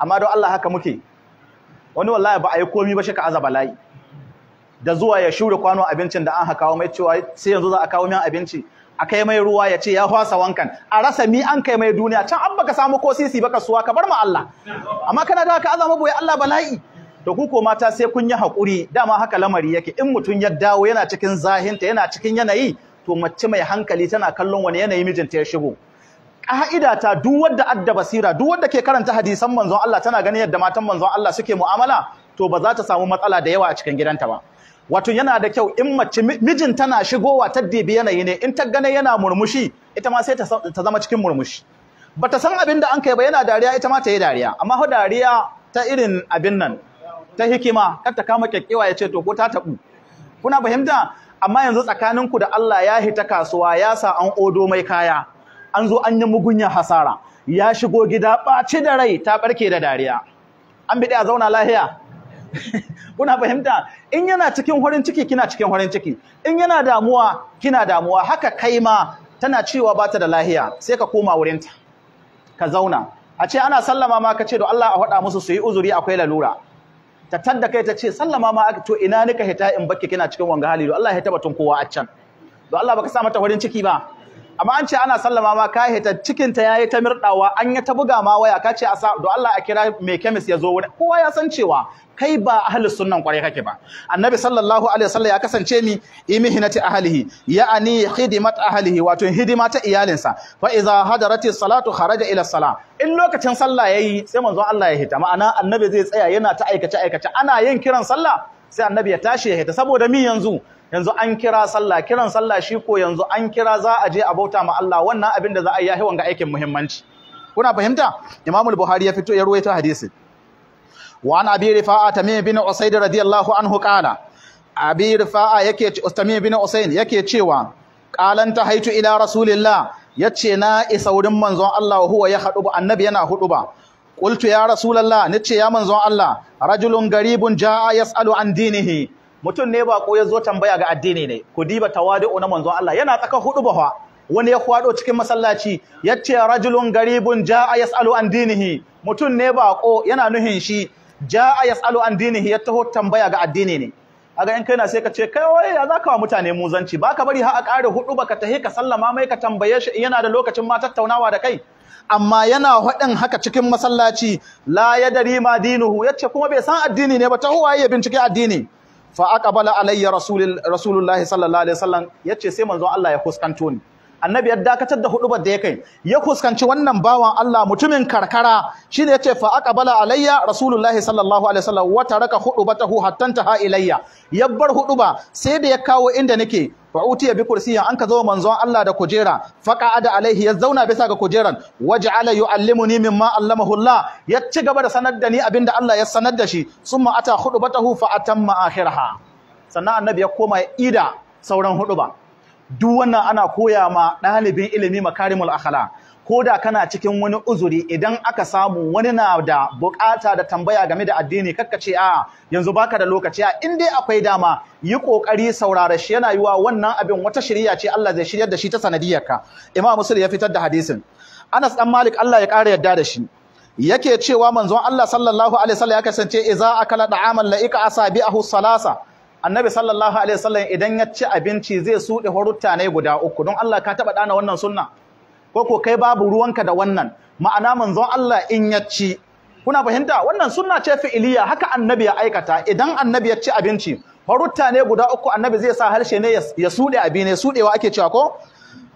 Speaker 1: amma don Allah haka muke wani wallahi ba a yi komi ba shi ka aza bala'i da zuwa ya shure kwano abincin da an haka mai cewa sai yanzu za a kawo min abinci a kai mai ruwa ya ce ya hwasa wankan a rasa mi an kai mai duniya can an baka samu ko sisi baka suwa ka bar mu Allah amma kana da ka azama boye Allah bala'i to ku ko mata sai kun yi hakuri dama haka lamari yake in mutun ya dawo yana cikin zahinta yana cikin yanayi to mace mai hankali tana kallon wani yanayi mijinta ya shigo ka'ida ta duk wanda adda basira duk wanda ke karanta hadisan manzon Allah tana ganin yadda matan manzon Allah suke mu'amala to ba za ta samu matsala da yawa a cikin gidanta ba wato yana da kyau in mace mijin tana shigowa ta dibi yanayi ne in ta gane yana murmushi ita ma sai ta zama cikin murmushi bata san abin da an kai ba yana dariya ita ma ta yi dariya amma ho dariya ta irin abin nan ta hikima kar ta kama kyakkewa ya ce to ko ta tabu kuna fahimta amma yanzu tsakaninku da Allah ya hita kasuwa ya sa an odo mai kaya an zo an yi mugunyar hasara ya shigo gida ɓaci da rai ta ɓarke da dariya an bi a zauna lahiya <laughs> kuna fahimta in yana cikin horin ciki kina cikin horin ciki in yana damuwa kina damuwa haka kai ma tana cewa ba ta da lahiya sai ka koma wurinta ka zauna a ce ana sallama ma ka ce do Allah a haɗa musu su yi uzuri akwai lalura ta tadda kai ta ce sallama ma to ina nika hita in bakki kina cikin wanga hali do Allah ya tabbatun kowa a can do Allah baka sa mata horin ciki ba amma an ce ana sallama ma ka hita cikin ta yayi ta mirdawa an ya ta buga ma waya ka ce asa do Allah a kira mai chemist ya zo wani kowa ya san cewa kai ba ahlus sunnan kwarai kake ba annabi sallallahu alaihi wasallam ya kasance mi imihinati ahlihi ya'ani hidimat ahlihi wato hidima ta iyalinsa fa idza hadarati salatu kharaja ila sala in lokacin sallah yayi sai manzo Allah ya hita ma'ana annabi zai tsaya yana ta aikace aikace ana yin kiran sallah sai annabi ya tashi ya hita saboda mi yanzu yanzu an kira sallah kiran sallah shi ko yanzu an kira za a je a bauta ma Allah wannan abin da za a yi yahi wanga aikin muhimmanci kuna fahimta Imamul Buhari ya fito ya ruwaito hadisi wa an Abi Rifa'a Tamim bin radiyallahu anhu qala Abi Rifa'a yake Tamim bin Usayd yake cewa qalan haitu ila rasulillah yace na isa wurin manzon Allah huwa ya hadubu annabi yana ba. qultu ya rasulullah nace ya manzon Allah rajulun garibun jaa yasalu an dinihi mutum ne ba ko ya zo tambaya ga addini ne ku diba tawadu na manzon Allah yana tsaka hudu bahwa wani ya kwado cikin masallaci yace rajulun garibun jaa yasalu an dinihi mutum ne ba ko yana nuhin shi jaa yasalu an dinihi ya taho tambaya ga addini ne aga in kai na sai ka ce kai wai ya zaka wa mutane muzanci baka bari har a kare hudu baka tahi ka sallama mai ka tambaye shi yana da lokacin ma tattaunawa da kai amma yana haɗin haka cikin masallaci la yadari ma dinuhu yace kuma bai san addini ne ba ta huwaye ya bincike addini fa aqbala alayya rasulul rasulullahi sallallahu alaihi wasallam yace sai manzon Allah ya fuskanto ni annabi ya dakatar da hudubar da ya kai ya fuskanci wannan bawan Allah mutumin karkara shine yace fa aqbala alayya rasulullahi sallallahu alaihi wasallam wa taraka hudubatahu hatta taha ilayya ya bar huduba sai da ya kawo inda nake fa utiya bi kursiyin an ka zo manzon Allah da kujera fa qa'ada alaihi ya zauna bisa ga kujeran waj'ala yu'allimuni mimma allamahu Allah ya ci gaba da sanar da ni abinda Allah ya sanar da shi summa ata hudubatahu fa atamma akhiraha sannan annabi ya koma ya ida sauran huduba duk wannan ana koya ma ɗalibin ilimi makarimul Akala. ko da kana cikin wani uzuri idan aka samu wani na da bukata da tambaya game da addini kakka ce a yanzu baka da lokaci a in dai akwai dama yi kokari saurara shi yana yiwa wannan abin wata shirya ce Allah zai shiryar da shi ta sanadiyarka Imam Muslim ya fitar da hadisin Anas dan Malik Allah ya ƙara yadda da shi yake cewa manzon Allah sallallahu alaihi wasallam ya kasance idza akala da'aman la'ika asabi'ahu salasa annabi sallallahu alaihi wasallam idan ya ci abinci zai suɗe hurutta ne guda uku don Allah ka taɓa ɗana wannan sunna ko ko kai babu ruwanka da wannan ma'ana manzon Allah in ya ci kuna fahimta wannan sunna ce fi'iliya haka annabi ya aikata idan annabi ya ci abinci hurutta ne guda uku annabi zai sa harshe ne ya suɗe abi ne suɗewa ake cewa ko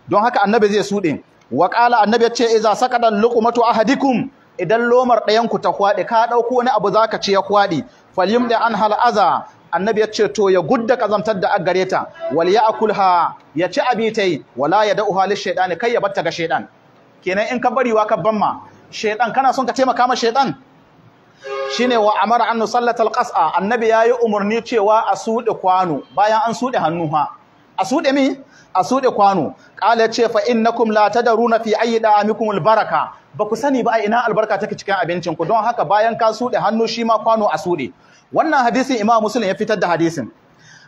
Speaker 1: don haka annabi zai suɗe wa qala annabi ya ce idza sakada luqmatu ahadikum idan lomar ɗayan ku ta kwaɗe ka ɗauko wani abu zaka ci ya kwaɗe falyum da an halaza annabi ya ce to ya gudda kazantar da aggare ta wal ya'kulha ya ci abitai wala yad'uha lishaytan kai ya batta ga shaytan kenan in ka bari wa ka bamma shaytan kana son ka taimaka ma shaytan shine wa amara an nusallata alqas'a annabi yayi umarni cewa a sude kwano bayan an sude hannu ha a sude mi a sude kwano qala ce fa innakum la tadruna fi ayyi da'amikum albaraka ba ku sani ba a ina albarka take cikin abincin ku don haka bayan ka sude hannu shi ma kwano a sude wannan hadisin Imam Muslim ya fitar da hadisin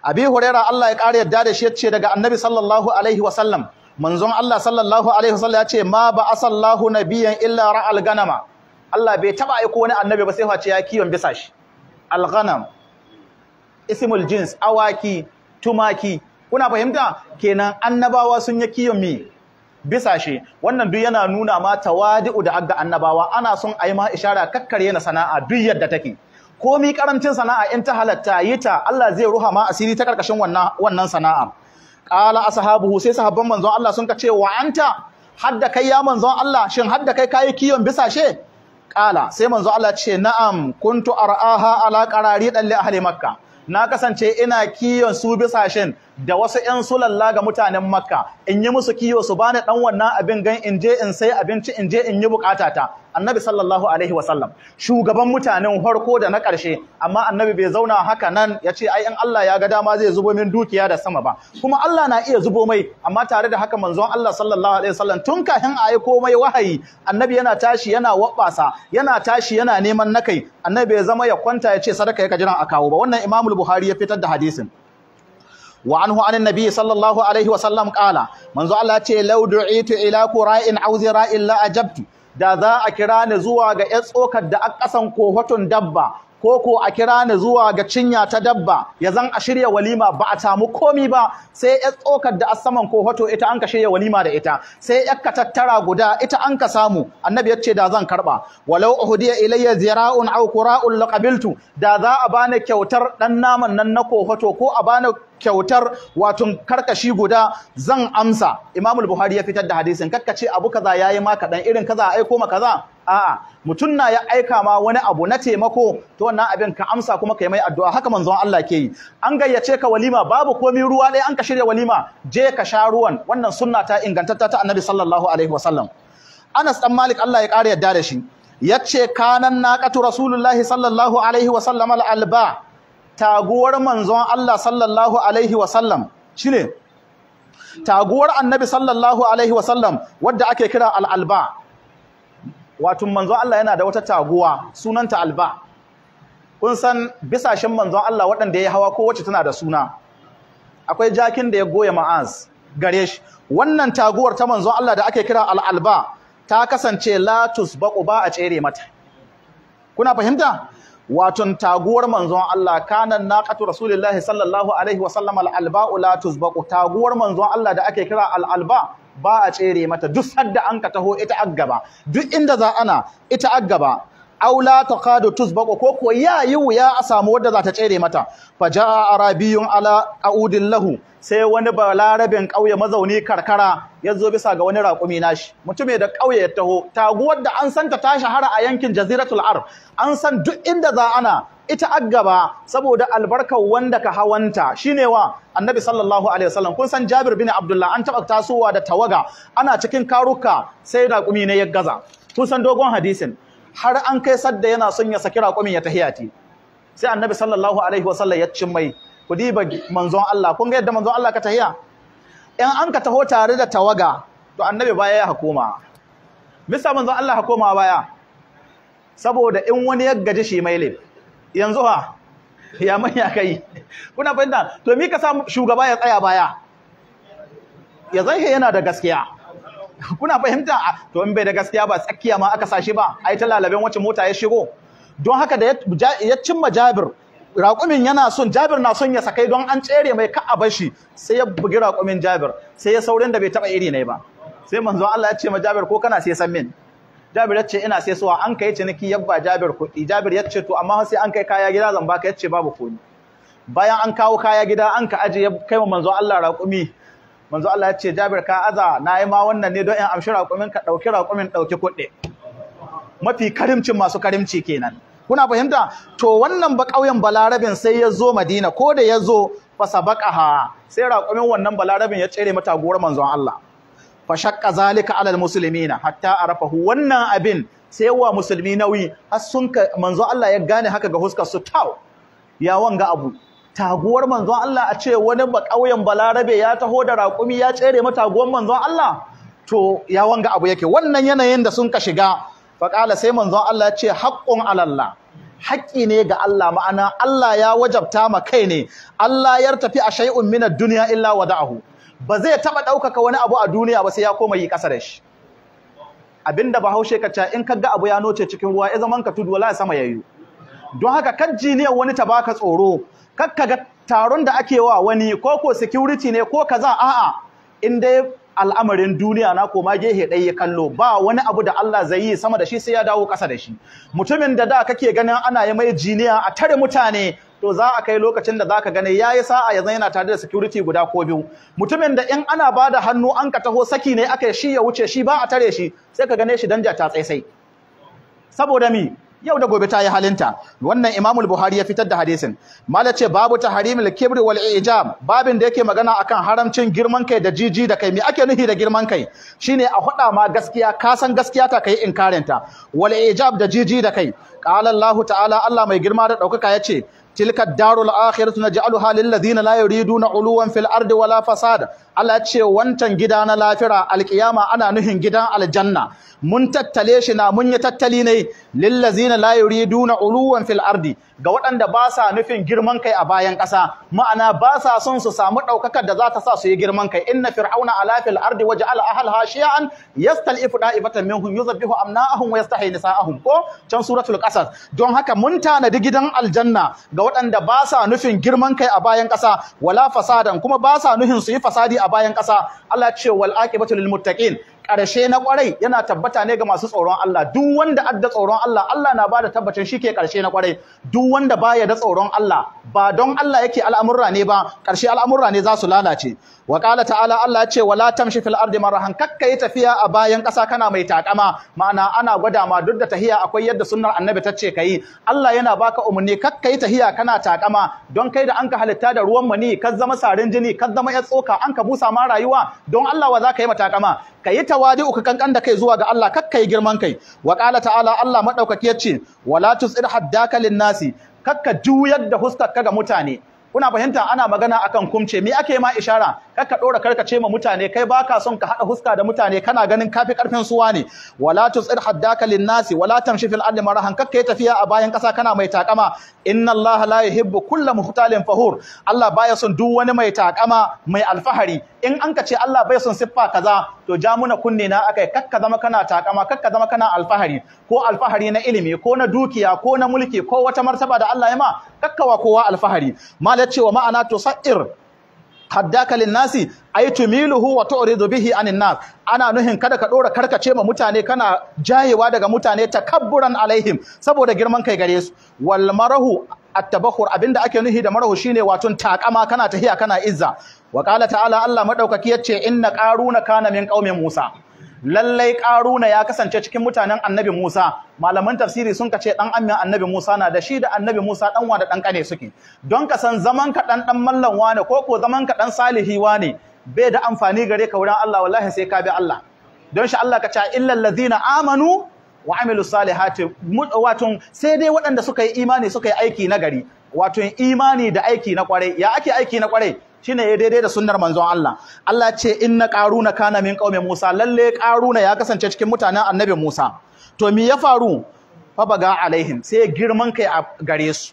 Speaker 1: Abi Huraira Allah ya ƙara yadda da shi ce daga Annabi sallallahu alaihi wasallam manzon Allah sallallahu alaihi wasallam yace ma ba asallahu nabiyyan illa al ganama Allah bai taba aiko wani annabi ba sai face ya kiyon bisa shi al ganam ismul jins awaki tumaki kuna fahimta kenan annabawa sun yi kiyon mi bisa shi wannan duk yana nuna ma tawadi'u da agga annabawa ana son a yi ma ishara kakkare na sana'a duk yadda take komi karamcin sana'a in ta halatta yi ta Allah zai ruha ma asiri ta karkashin wannan wannan sana'a qala ashabuhu sai sahabban manzon Allah sun ka ce wa anta hadda kai ya manzon Allah shin hadda kai kai kiyon bisashe qala sai manzon Allah ce na'am kuntu ar'aha ala qarari dalli ahli makka na kasance ina kiyon su bisashen da wasu ƴan sulalla ga mutanen Makka in yi musu kiyo su bani dan wannan abin gan in je in sai abinci in je in yi bukatata annabi sallallahu alaihi wasallam shugaban mutanen farko da na ƙarshe amma annabi bai zauna haka nan ya ce ai in Allah ya ga dama zai zubo min dukiya da sama ba kuma Allah na iya zubo mai amma tare da haka manzon Allah sallallahu alaihi wasallam tun kafin a yi komai wahayi annabi yana tashi yana wabbasa yana tashi yana neman nakai annabi bai zama ya kwanta ya ce sadaka yake jiran a kawo ba wannan Imamul Buhari ya fitar da hadisin wa anhu anan sallallahu alaihi wasallam kala manzo Allah ce law du'itu ila qura'in aw zira'in la ajabtu da za a kira zuwa ga yar tsokar da a kasan kohoton dabba ko ko a kira zuwa ga cinya ta dabba ya zan a shirya walima ba a samu komi ba sai yar tsokar da a saman kohoto ita an ka shirya walima da ita sai yar ka guda ita an ka samu annabi ya ce da zan karba walau uhudiya ilayya zira'un aw qura'un laqabiltu da za a bani kyautar ɗan naman nan na kohoto ko a bani kyautar watun karkashi guda zan amsa imamul buhari ya fitar da hadisin ce abu kaza yayi ma kadan irin kaza aiko ma kaza a'a mutum na ya aika ma wani abu na taimako to wannan abin ka amsa kuma kai mai addu'a haka manzon Allah ke yi an gayyace ka walima babu komai ruwa dai an ka shirya walima je ka sha ruwan wannan sunna ta ingantatta ta annabi sallallahu alaihi wasallam Anas dan Malik Allah ya ƙara yadda da shi yace kanan naqatu rasulullahi sallallahu alaihi wasallam al-alba taguwar manzon Allah sallallahu alaihi wasallam shine taguwar annabi sallallahu alaihi wasallam wadda ake kira al-alba wato manzon Allah yana da wata taguwa sunanta alba kun san bisashen manzon Allah waɗanda ya hawa ko wacce tana da suna akwai jakin da ya goya ma'az gare shi wannan taguwar ta manzon Allah da ake kira al-alba ta kasance latus baƙo ba a tsere mata kuna fahimta waton taguwar manzon Allah kanan naqatu rasulullahi sallallahu alaihi wasallam al-alba'u la tusbaqu taguwar manzon Allah da ake kira al-alba ba a tsere mata duk sadda an ka taho ita aggaba duk inda za ana ita aggaba aula Tus, Bako, ko ko yi wuya a samu wadda za ta tsere mata a arabiyun ala audin lahu sai wani balarabin ƙauye mazauni karkara ya zo bisa ga wani raƙumi nashi mutume da ƙauye ya taho taguwar da an san ta tashi shahara a yankin jaziratul arab an san duk inda za ana ita aggaba saboda albarkar wanda ka hawanta shine wa annabi sallallahu alaihi wasallam kun san Jabir bin Abdullah an taba tasowa da tawaga ana cikin karuka sai raƙumi ne ya gaza kun san dogon hadisin har an kai sadda yana son ya saki raƙumin ya tahiyati sai annabi sallallahu alaihi sallam ya cin mai ku diba manzon Allah kun ga yadda manzon Allah ka tahiya in an ka taho tare da tawaga to annabi baya ya hukuma misa manzon Allah hakoma baya saboda in wani ya gaji shi mai laifi yanzu ha ya manya kai kuna fahimta to mi ka sa shugaba ya tsaya baya ya zai yana da gaskiya kuna fahimta to in bai da gaskiya ba tsakiya ma aka sashi ba ai ta lalaben wacce mota ya shigo don haka da ya cimma Jabir raƙumin yana son Jabir na son ya sakai don an tsere mai ka a shi sai ya bugi raƙumin Jabir sai ya saurin da bai taba iri ne ba sai manzo Allah ya ce ma Jabir ko kana sai san min Jabir ya ce ina sai suwa an kai ciniki yabba Jabir kuɗi Jabir ya ce to amma sai an kai kaya gida zan baka ya ce babu komi bayan an kawo kaya gida an ka aje ya kai wa manzo Allah raƙumi manzo Allah ya ce Jabir ka aza na yi ma wannan ne don in amshi raƙumin ka ɗauki raƙumin ɗauki kuɗi mafi karimcin masu karimci kenan kuna fahimta to wannan ba ƙauyen balarabin sai ya zo madina ko da ya zo fasabaqaha sai raƙumin wannan balarabin ya tsere mata gowar manzon Allah fa shaqqa zalika alal muslimina hatta arafahu wannan abin sai wa musulmi nauyi har sun manzo Allah ya gane haka ga huskar su taw ya wanga abu taguwar manzon Allah a ce wani ƙauyen balarabe ya taho da raƙumi ya tsere mata taguwar manzon Allah to ya wanga abu yake wannan yanayin da sun ka shiga faƙala sai manzon Allah ya ce haƙƙun alalla haƙƙi ne ga Allah ma'ana Allah ya wajabta ma kai ne Allah ya tafi a shay'un min ad-dunya illa wada'ahu ba zai taba ɗaukaka wani abu a duniya ba sai ya koma yi kasar da shi abinda bahaushe ka ce in kaga abu ya noce cikin ruwa ya zaman ka tudu wala sama yayu don haka kan jiniyar wani ta baka tsoro kakka ga taron da ake wa wani ko ko security ne ko kaza a'a in dai al'amarin duniya na koma gehe ɗaya ya kallo ba wani abu da Allah zai yi sama da shi sai ya dawo ƙasa da shi mutumin da da kake ganin ana yi mai jiniya a tare mutane to za a kai lokacin da zaka gane yayi sa'a yanzu yana tare da security guda ko biyu mutumin da in ana bada hannu an ka taho saki ne aka shi ya wuce shi ba a tare shi sai ka gane shi danja ta tsaisai saboda mi yau da gobe ta yi halinta wannan imamul buhari ya fitar da hadisin mala ce babu taharimul kibri wal ijab babin da yake magana akan haramcin girman kai da jiji da kai me ake nufi da girman kai shine a hada ma gaskiya ka san gaskiya ta kai inkarin ta wal ijab da jiji da kai qala allah ta'ala allah mai girma da daukaka yace tilka darul akhiratu naj'aluha lil ladina la yuriduna uluwan fil ardi wala fasada Allah ce wancan gida na lafira alkiyama ana nuhin gidan aljanna mun tattale shi na mun yi tattali ne lillazina la yuriduna uluwan fil ardi ga waɗanda ba sa nufin girman kai a bayan ƙasa ma'ana ba sa son su samu ɗaukakar da za ta sa su yi girman kai inna fir'auna ala fil ardi waja'ala ahlaha shi'an yastalifu da'ibatan minhum yuzabbihu amna'ahum wa yastahi nisa'ahum ko can suratul qasas don haka mun tanadi gidan aljanna ga waɗanda ba sa nufin girman kai a bayan ƙasa wala fasadan kuma ba sa nufin su yi fasadi a bayan ƙasa Allah ya ce wal aqibatu lil muttaqin ƙarshe na ƙwarai yana tabbata ne ga masu tsoron Allah duk wanda adda tsoron Allah Allah na bada tabbacin shi ke ƙarshe na ƙwarai duk wanda baya da tsoron Allah ba don Allah yake al'amurra ne ba ƙarshe al'amurra ne za su lalace wa qala ta'ala Allah ce wala tamshi fil ardi marahan kakka yi tafiya a bayan ƙasa kana mai takama ma'ana ana gwada ma duk da tahiya akwai yadda sunnar annabi ta ce kai Allah yana baka umarni kakka yi tahiya kana takama don kai da anka halitta da ruwan mani ka zama sarin jini ka zama ya tsoka ka busa ma rayuwa don Allah wa za ka yi matakama ka yi tawadi'u ka kankan da kai zuwa ga Allah kakka yi girman kai wa qala ta'ala Allah madaukaki yace wala tusir haddaka linnasi kakka juyar da huskarka ga mutane kuna fahimta ana magana akan kumce me ake ma ishara kakka dora karkace ma mutane kai baka son ka hada huska da mutane kana ganin kafi karfin suwa ne wala tusir haddaka linnasi wala tamshi fil ardi marahan kakka yi tafiya a bayan kasa kana mai takama inna allaha la yuhibbu kulle muhtalin fahur Allah baya son duk wani mai takama mai alfahari in an ka ce Allah bai son siffa kaza to ja muna kunne na akai kakka zama kana takama kakka zama kana alfahari ko alfahari na ilimi ko na dukiya ko na mulki ko wata martaba da Allah ya ma kakka wa kowa alfahari mala cewa ma'ana to sa'ir haddaka linnasi ay tumiluhu wa tu'ridu bihi anin nas ana nuhin kada ka dora karkace ma mutane kana jayewa daga mutane takabburan alaihim saboda girman kai gare su wal marahu at-tabakhur abinda ake nuhi da marahu shine wato takama kana tahiya kana izza wa ƙala ta'ala Allah maɗaukaki ce yace inna na kana min qaumin Musa lallai ƙaruna ya kasance cikin mutanen annabi Musa malaman tafsiri sun kace ɗan amin annabi Musa na da shi da annabi Musa dan wa da ɗan ƙane suke don ka san zaman ka ɗan dan mallan wane ko ko zaman ka ɗan salihi wane bai da amfani gare ka wurin Allah wallahi sai ka bi Allah don shi Allah ka ce illal ladina amanu wa amilu salihati wato sai dai waɗanda suka yi imani suka yi aiki na gari wato imani da aiki na kwarai ya ake aiki na kwarai shine ya daidai da sunnar manzon Allah Allah ce inna qaruna kana min qaumi Musa lalle qaruna ya kasance cikin mutanen annabi Musa to me ya faru fa baga alaihim sai girman kai a gare su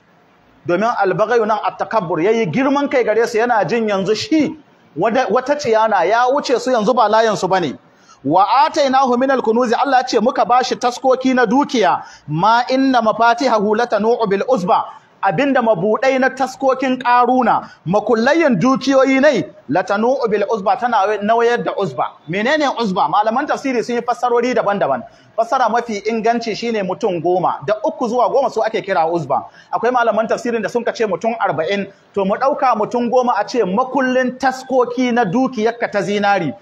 Speaker 1: domin albagayu nan at-takabbur yayi girman kai gare su yana jin yanzu shi wata ciyana ya wuce su yanzu ba layan su bane wa atainahu minal kunuzi Allah ce muka bashi taskoki na dukiya ma inna mafatihahu latanu bil uzba abinda mabuɗai na taskokin ƙaruna makullayin dukiyoyi ne latanu bil uzba tana nawayar da uzba menene uzba malaman tafsiri sun yi fassarori daban-daban fassara mafi inganci shine mutum goma da uku zuwa goma su ake kira uzba akwai malaman tafsirin da sun ce mutum arba'in to mu ɗauka mutum goma a ce makullin taskoki na dukiyarka ta zinari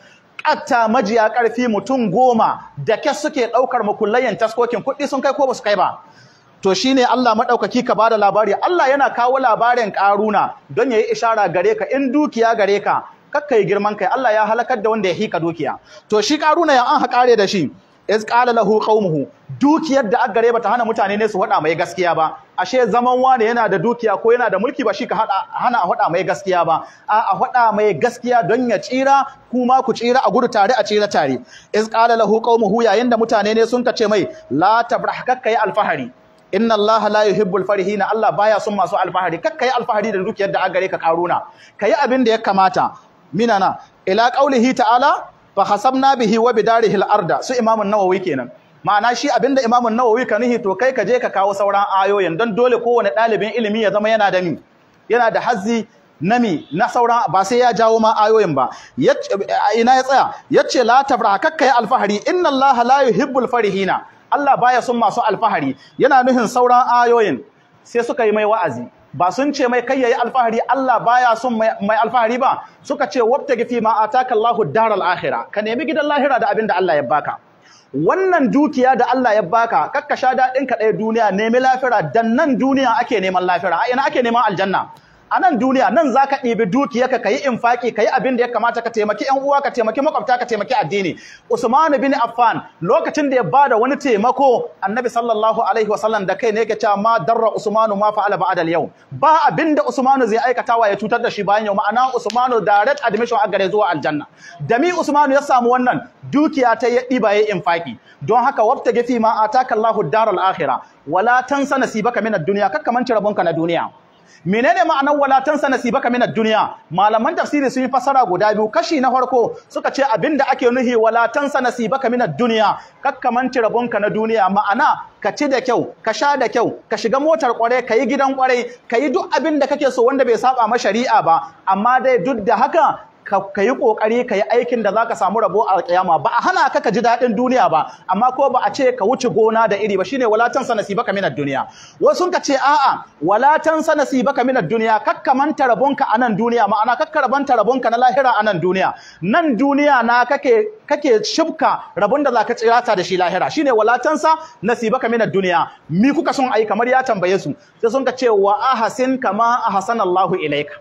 Speaker 1: ƙatta majiya ƙarfi mutum goma da ke suke ɗaukar makullayin taskokin kuɗi sun kai ko ba su kai ba to shi ne Allah madaukaki ka bada labari Allah yana kawo labarin karuna don yayi ishara gare ka in dukiya gare ka kakkai girman kai Allah ya halakar da wanda ya hika dukiya to shi karuna ya an haƙare da shi iz qala lahu qaumuhu dukiyar da agare bata hana mutane ne su hada mai gaskiya ba ashe zaman wani yana da dukiya ko yana da mulki ba shi ka hada hana a hada mai gaskiya ba a a hada mai gaskiya don ya tsira kuma ku tsira a gudu tare a tsira tare iz qala lahu qaumuhu yayin da mutane ne sun ce mai la tabrah kakkai alfahari inna allaha la yuhibbul farihin allah baya son masu alfahari kakkai alfahari da dukiyar da agare ka karuna kai abin da ya kamata minana ila qaulihi ta'ala fa hasabna bihi wa bidarihi arda su imamun nawawi kenan ma'ana shi abinda imamun nawawi ka nihi to kai ka je ka kawo sauran ayoyin don dole kowane ɗalibin ilimi ya zama yana da ni. yana da hazzi nami na sauran ba sai ya jawo ma ayoyin ba ina ya tsaya yace la tafrah kakkai alfahari inna allaha la yuhibbul farihina Allah baya sun masu alfahari yana nuhin sauran ayoyin sai suka yi mai wa'azi ba sun ce mai kai yayi alfahari Allah baya sun mai alfahari ba suka ce wabtagi fi ma ataka daral akhirah ka nemi gidan lahira da abin da Allah ya baka wannan dukiya da Allah ya baka kakkasha dadin ka ɗaya duniya nemi lafira dan nan duniya ake neman lafira a ina ake neman aljanna a nan duniya nan za ka dukiyarka ka yi infaki ka yi abin da ya kamata ka taimaki yan uwa ka taimaki makwabta ka taimaki addini usman bin affan lokacin da ya bada wani taimako annabi sallallahu alaihi wasallam da kai ne yake cewa ma darra usman ma fa'ala ba'da al-yawm ba abin da usman zai aikata wa ya cutar da shi bayan yau ma'ana usman direct admission a gare zuwa aljanna da mi usman ya samu wannan dukiya ta ya ɗiba ya infaki don haka wafta gafi ma ataka Allahu daral akhirah wala tansa nasibaka min ad-dunya kakkamance rabonka na duniya menene ma'anar walatansa nasibaka minad dunya malaman tafsiri sun yi fasara guda biyu kashi na farko suka ce abinda ake nuhi walatansa nasibaka minad dunya kakkamanci rabonka na duniya ma'ana ka ci da kyau ka sha da kyau ka shiga motar kwarai ka yi gidan kwarai ka yi duk abin da kake so wanda bai saba ma shari'a ba amma dai duk da haka ka yi kokari ka yi aikin da zaka samu rabo a alƙiyama ba a hana ka ka ji daɗin duniya ba amma ko ba a ce ka wuce gona da iri ba shine sa nasiba ka minar duniya wasu ka ce a'a sa nasiba ka minar duniya kakka manta rabonka a nan duniya ma'ana kakka rabanta ka na lahira a nan duniya nan duniya na kake kake shibka rabon da za zaka tsirata da shi lahira shine sa nasiba ka minar duniya mi kuka son ai kamar ya tambaye su sai sun ka ce wa ahasin kama ahsanallahu ilaika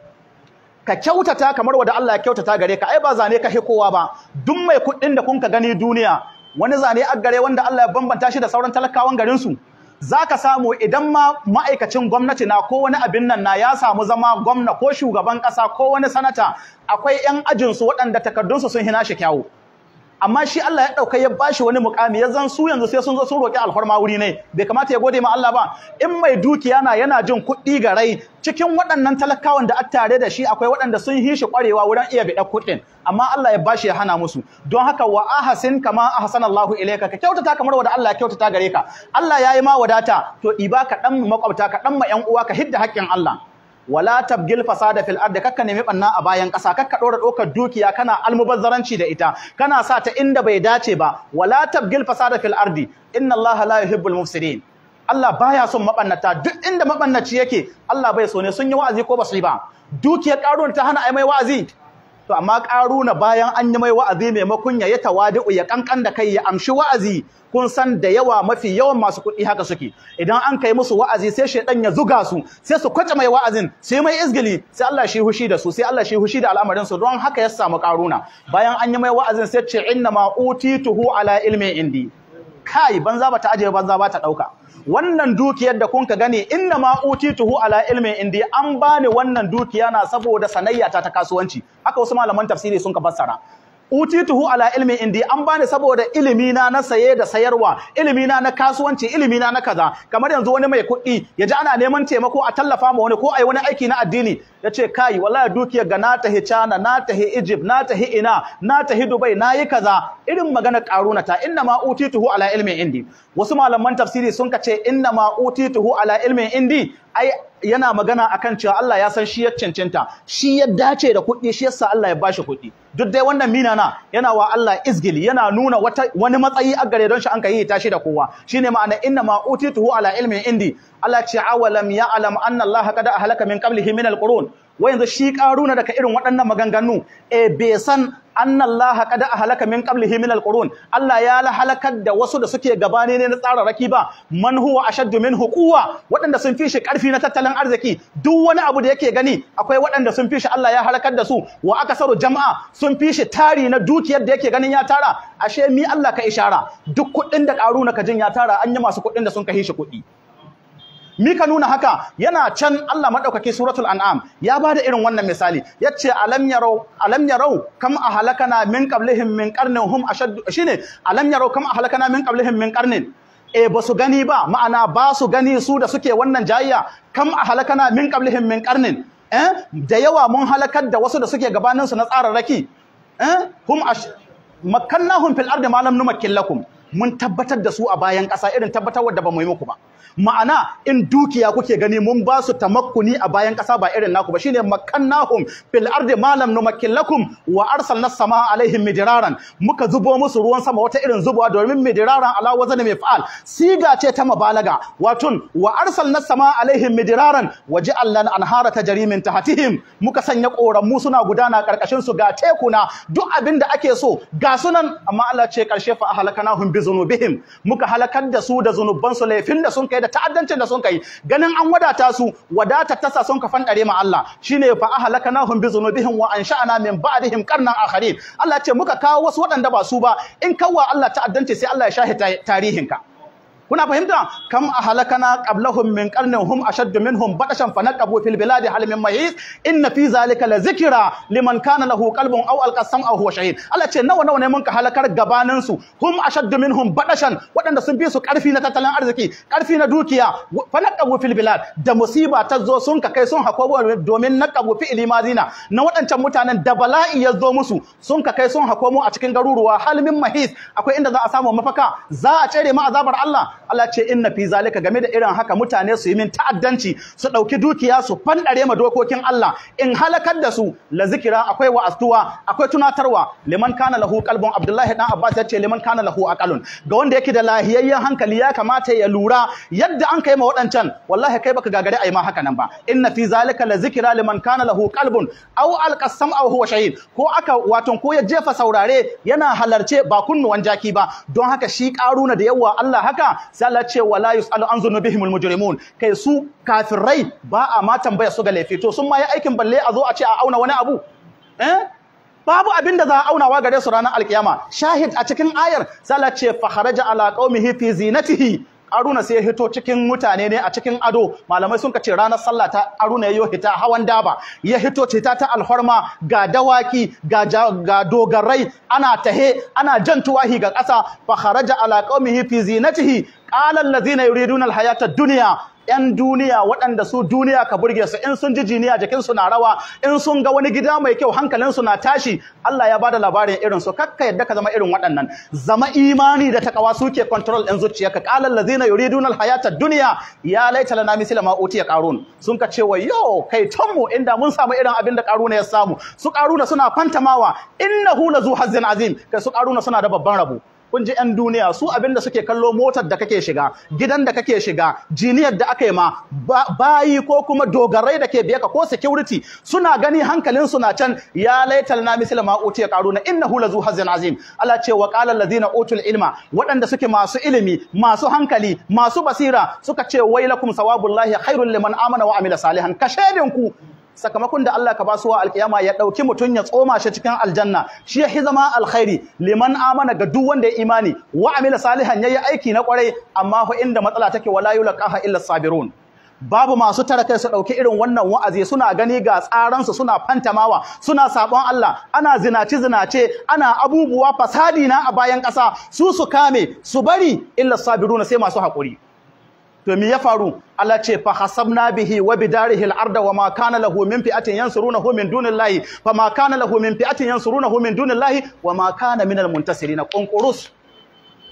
Speaker 1: ka kyautata kamar wanda Allah ya kyautata gare ka ai ba zane ka kowa ba duk mai kuɗin da kun gani duniya wani zane a gare wanda Allah ya bambanta shi da sauran talakawan garin su zaka samu idan ma ma'aikacin gwamnati na ko wani abin nan na ya samu zama gwamna ko shugaban ƙasa ko wani sanata akwai 'yan ajinsu waɗanda takardunsu sun hina shi kyawu amma shi Allah ya dauka ya bashi wani mukami ya zan su yanzu sai sun zo sun roki alfarma wuri ne bai kamata ya gode ma Allah ba in mai dukiya na yana jin kuɗi ga rai cikin waɗannan talakawan da tare da shi akwai waɗanda sun yi shi ƙwarewa wurin iya biɗa kuɗin amma Allah ya bashi ya hana musu don haka wa ahasin kama ahsana Allah ilayka ka kyautata kamar wanda Allah ya kyautata gare ka Allah yayi ma wadata to ɗiba ka dan makwabta ka dan ma ƴan uwa ka hidda haƙƙin Allah wala tabgil fasada fil ardi kakka nemi banna a bayan ƙasa kakka dora dokar dukiya kana almubazzaranci da ita kana sa ta inda bai dace ba wala tabgil fasada fil ardi inna allaha la yuhibbul mufsidin Allah baya son mabannata duk inda mabannaci yake Allah bai so ne sun yi wa'azi ko basu yi ba dukiyar karuwar ta hana ai mai wa'azi to amma karuna bayan an yi mai wa'azi mai makunya ya tawadu ya kankan da kai ya amshi wa'azi kun san da yawa mafi yawan masu kuɗi haka suke idan an kai musu wa'azi sai shaidan ya zuga su sai su kwace mai wa'azin sai mai izgili sai Allah shi hushi da su sai Allah shi hushi da al'amarin su don haka ya samu karuna bayan an yi mai wa'azin sai ce inna ma utituhu ala ilmi indi kai banza bata aje banza ta dauka wannan dukiyar da kun ka gani inna ma utituhu ala ilmin indi an bani wannan dukiya na saboda sanayyata ta kasuwanci haka wasu malaman tafsiri sun ka fassara utituhu ala ilmin indi an bani saboda ilimi na na saye da sayarwa ilimi na na kasuwanci ilimi na na kaza kamar yanzu wani mai kuɗi ya ji ana neman taimako a tallafa ma wani ko ai wani aiki na addini Ya ce kai wallahi dukiyar ga na tahi Cana na tahi Egypt na tahi ina na tahi Dubai na yi kaza irin magana karuna ta inna ma utituhu ala ilmin indi wasu malaman tafsiri sun kace inna ma utituhu ala ilmin indi ai yana magana akan cewa Allah ya san shi ya cancanta shi ya dace da kuɗi shi yasa Allah ya bashi kuɗi duk dai wannan mina na yana wa Allah izgili yana nuna wani matsayi a gare don shi an kai tashi da kowa shine ma'ana inna ma utituhu ala ilmin indi Allah ce awalam ya'lam anna Allah qad ahlaka min qablihi min alqurun wa yanzu shi karuna daga irin waɗannan maganganu e bai san annallaha kada qad ahlaka min qablihi min alqurun Allah ya halakar da wasu da suke gabani ne na tsararraki ba man huwa ashaddu minhu quwwa waɗanda sun fi shi ƙarfi na tattalin arziki duk wani abu da yake gani akwai waɗanda sun fi shi Allah ya halakar da su wa akasaru jama'a sun fi shi tari na dukiyar da yake ganin ya tara ashe mi Allah ka ishara duk kuɗin da karuna ka jin ya tara an yi masu kuɗin da sun kai shi kuɗi Mika nuna haka yana can Allah madaukake suratul an'am ya bada irin wannan misali yace alam yarau alam yarau kam ahlakana min qablihim min qarnin hum ashaddu shine alam yarau kam ahlakana min qablihim min qarnin e ba su gani ba ma'ana ba su gani su da suke wannan jayya kam ahlakana min qablihim min qarnin eh da yawa mun halakar da wasu da suke gabanin su na tsararraki eh hum makkannahum fil ardi ma lam numakkin lakum mun tabbatar da su a bayan ƙasa irin tabbatar da ba mu yi muku ba ma'ana in dukiya kuke gani mun ba su tamakkuni a bayan ƙasa ba irin naku ba shine makannahum fil ardi ma lam numakkin lakum wa arsalna samaa alaihim midiraran muka zubo musu ruwan sama wata irin zubuwa domin midiraran ala wazan fa'al siga ce ta mabalaga watun wa arsalna samaa alaihim midiraran wa ja'alna anhara tajri min tahtihim muka sanya mu suna gudana karkashin su ga tekuna duk abin da ake so ga sunan amma Allah ce karshe fa ahlakanahum bi zunubihim muka halakar da su da zunubansu laifin da sun kai da ta'addancin da sun kai ganin an wadata su wadata tasa sun ka fandare ma Allah shine fa ahlakanahum bi zunubihim wa ansha'na min ba'dihim qarnan akharin Allah ce muka kawo wasu waɗanda ba su ba in kawwa Allah ta'addanci sai Allah ya shahi tarihinka kuna fahimta kam ahlakana qablahum min qarnin hum ashaddu minhum batashan fanaqabu fil biladi hal min mahis inna fi zalika la zikra liman kana lahu qalbun aw alqa sam'ahu wa shahid Allah ce nawa nawa ne mun ka halakar gabanin su hum ashaddu minhum batashan wadanda sun fi su karfi na tattalin arziki karfi na dukiya fanaqabu fil bilad da musiba ta zo sun ka kai sun hako domin naqabu fi ilimazina na waɗancan mutanen da bala'i ya zo musu sun ka kai sun hako mu a cikin garuruwa halmin mahis akwai inda za a samu mafaka za a cire mu azabar Allah Allah ce inna fi zalika game da irin haka mutane su yi min ta'addanci su dauki dukiya su fandare ma dokokin Allah in halakar da su la zikira akwai wa'astuwa akwai tunatarwa liman kana lahu qalbun Abdullahi dan Abbas yace liman kana lahu aqalun ga wanda yake da lahiyayyen hankali ya kamata ya lura yadda an kai ma waɗancan. wallahi kai baka gagare ai ma haka nan ba inna fi zalika la zikira liman kana lahu qalbun aw alqasam aw huwa shahid ko aka wato ko ya jefa saurare yana halarce ba kunnuwan jaki ba don haka shi karuna da yawa Allah haka sai Allah ce wala yusalu an zunubihimul mujrimun kai su kafirai ba a ma tambaya su ga laifi to sun ma yi aikin balle a zo a ce a auna wani abu eh babu abin da za a aunawa gare su ranar alkiyama shahid a cikin ayar sai Allah ce fa kharaja ala qaumihi fi zinatihi Haruna sai ya hito cikin mutane ne a cikin ado malamai sun kace ranar sallah ta aruna ya hita hawan daba ya hito cita ta alfarma ga dawaki ga ga dogarai ana tahe ana jan tuwahi ga ƙasa fa kharaja ala qaumihi fi zinatihi alal ladina yuriduna alhayata dunya yan duniya waɗanda su duniya ka burge su in sun ji jiniya jikinsu na rawa in sun ga wani gida mai kyau hankalinsu na tashi Allah ya ba da labarin irin su kakka yadda ka zama irin waɗannan zama imani da takawa suke control ɗin zuciyarka qala allazina yuriduna alhayata duniya. ya laita lana misla ma utiya qarun sun ka ce cewa yo kai tonmu inda mun samu irin abin da ƙaruna ya samu su qaruna suna fantamawa innahu lazu hazzin azim kai su qaruna suna da babban rabo kun ji yan duniya su abin da suke kallo motar da kake shiga gidan da kake shiga jiniyar da aka yi ma bayi ko kuma dogarai da ke biya ka ko security suna gani hankalin su na can ya laital na misal ma ya qaruna innahu lazu hazin azim Allah ce wa qala alladhina utul ilma waɗanda suke masu ilimi masu hankali masu basira suka ce wailakum sawabullahi khairul liman amana wa amila salihan kashedin ku sakamakon da Allah ka ba su wa alkiyama ya ɗauki mutum ya tsoma shi cikin aljanna shi ya hizama alkhairi liman amana ga duk wanda ya imani wa amila salihan yayi aiki na kwarai amma fa inda matsala take wala yulqaha illa sabirun babu masu tara kai su dauki irin wannan wa'azi suna gani ga tsaran su suna fantamawa suna sabon Allah ana zinaci zinace ana abubuwa fasadi na a bayan ƙasa su su kame su bari illa sabiruna sai masu hakuri to me ya faru Allah ce fa hasabna bihi wa bidarihi al-arda wa ma kana lahu min fi'atin yansurunahu min dunillahi fa ma kana lahu min fi'atin yansurunahu min dunillahi wa ma kana minal muntasirin qonqurus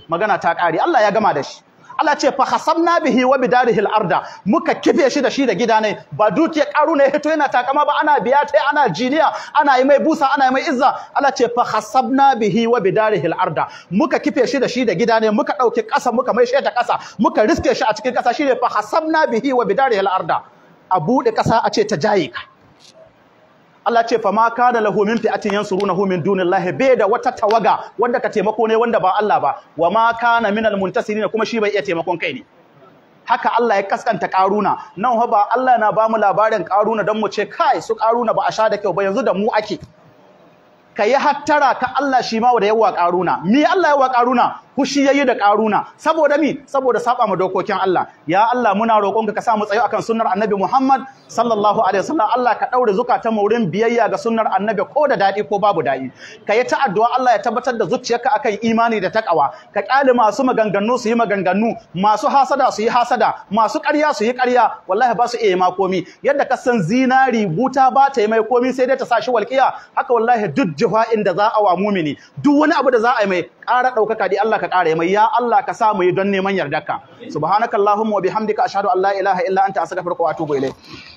Speaker 1: magana ta kare Allah ya gama da shi Allah ce fa hasabna bihi wa bidarihi al-arda muka kife shi da shi da gida ne ba dukiyar karuna ne hito yana takama ba ana biya tai ana jiniya ana yi mai busa ana yi mai izza Allah ce fa hasabna bihi wa bidarihi al-arda muka kife shi da shi da gida muka ɗauki kasa muka mai sheta kasa muka riske shi a cikin kasa shine fa hasabna bihi wa bidarihi al-arda a bude kasa a ce ta jayika Allah ce fa ma kana lahu min fi'atin yansurunahu min dunillahi bai da wata tawaga wanda ka taimako ne wanda ba Allah ba wa ma kana minal muntasirin kuma shi bai iya taimakon kai ne haka Allah ya kaskanta karuna nan ba Allah na ba mu labarin karuna dan mu ce kai su karuna ba a sha da kyau ba yanzu da mu ake ka hattara ka Allah shi ma da yawa ƙaruna. Me Allah yawa ƙaruna? ya yi da karuna saboda mi saboda saba ma dokokin Allah ya Allah muna roƙonka ka sa mu tsayo akan sunnar annabi Muhammad sallallahu alaihi wasallam Allah ka daure zukatan mu wurin biyayya ga sunnar annabi ko da dadi ko babu dadi ka yi ta addu'a Allah ya tabbatar da zuciyarka akan imani da takawa ka kalli masu maganganu su yi maganganu masu hasada su yi hasada masu ƙarya su yi ƙarya wallahi ba su iya ma komi yadda ka san zinari buta ba ta yi mai komi sai dai ta sa shi walƙiya haka wallahi duk jiha'in da za a wa mumini duk wani abu da za a yi mai ƙara ɗaukaka dai Allah ka ƙara mai ya Allah ka sa mu yi don neman yardarka subhanakallahumma wa bihamdika ashhadu an la ilaha illa anta astaghfiruka wa atubu ilayk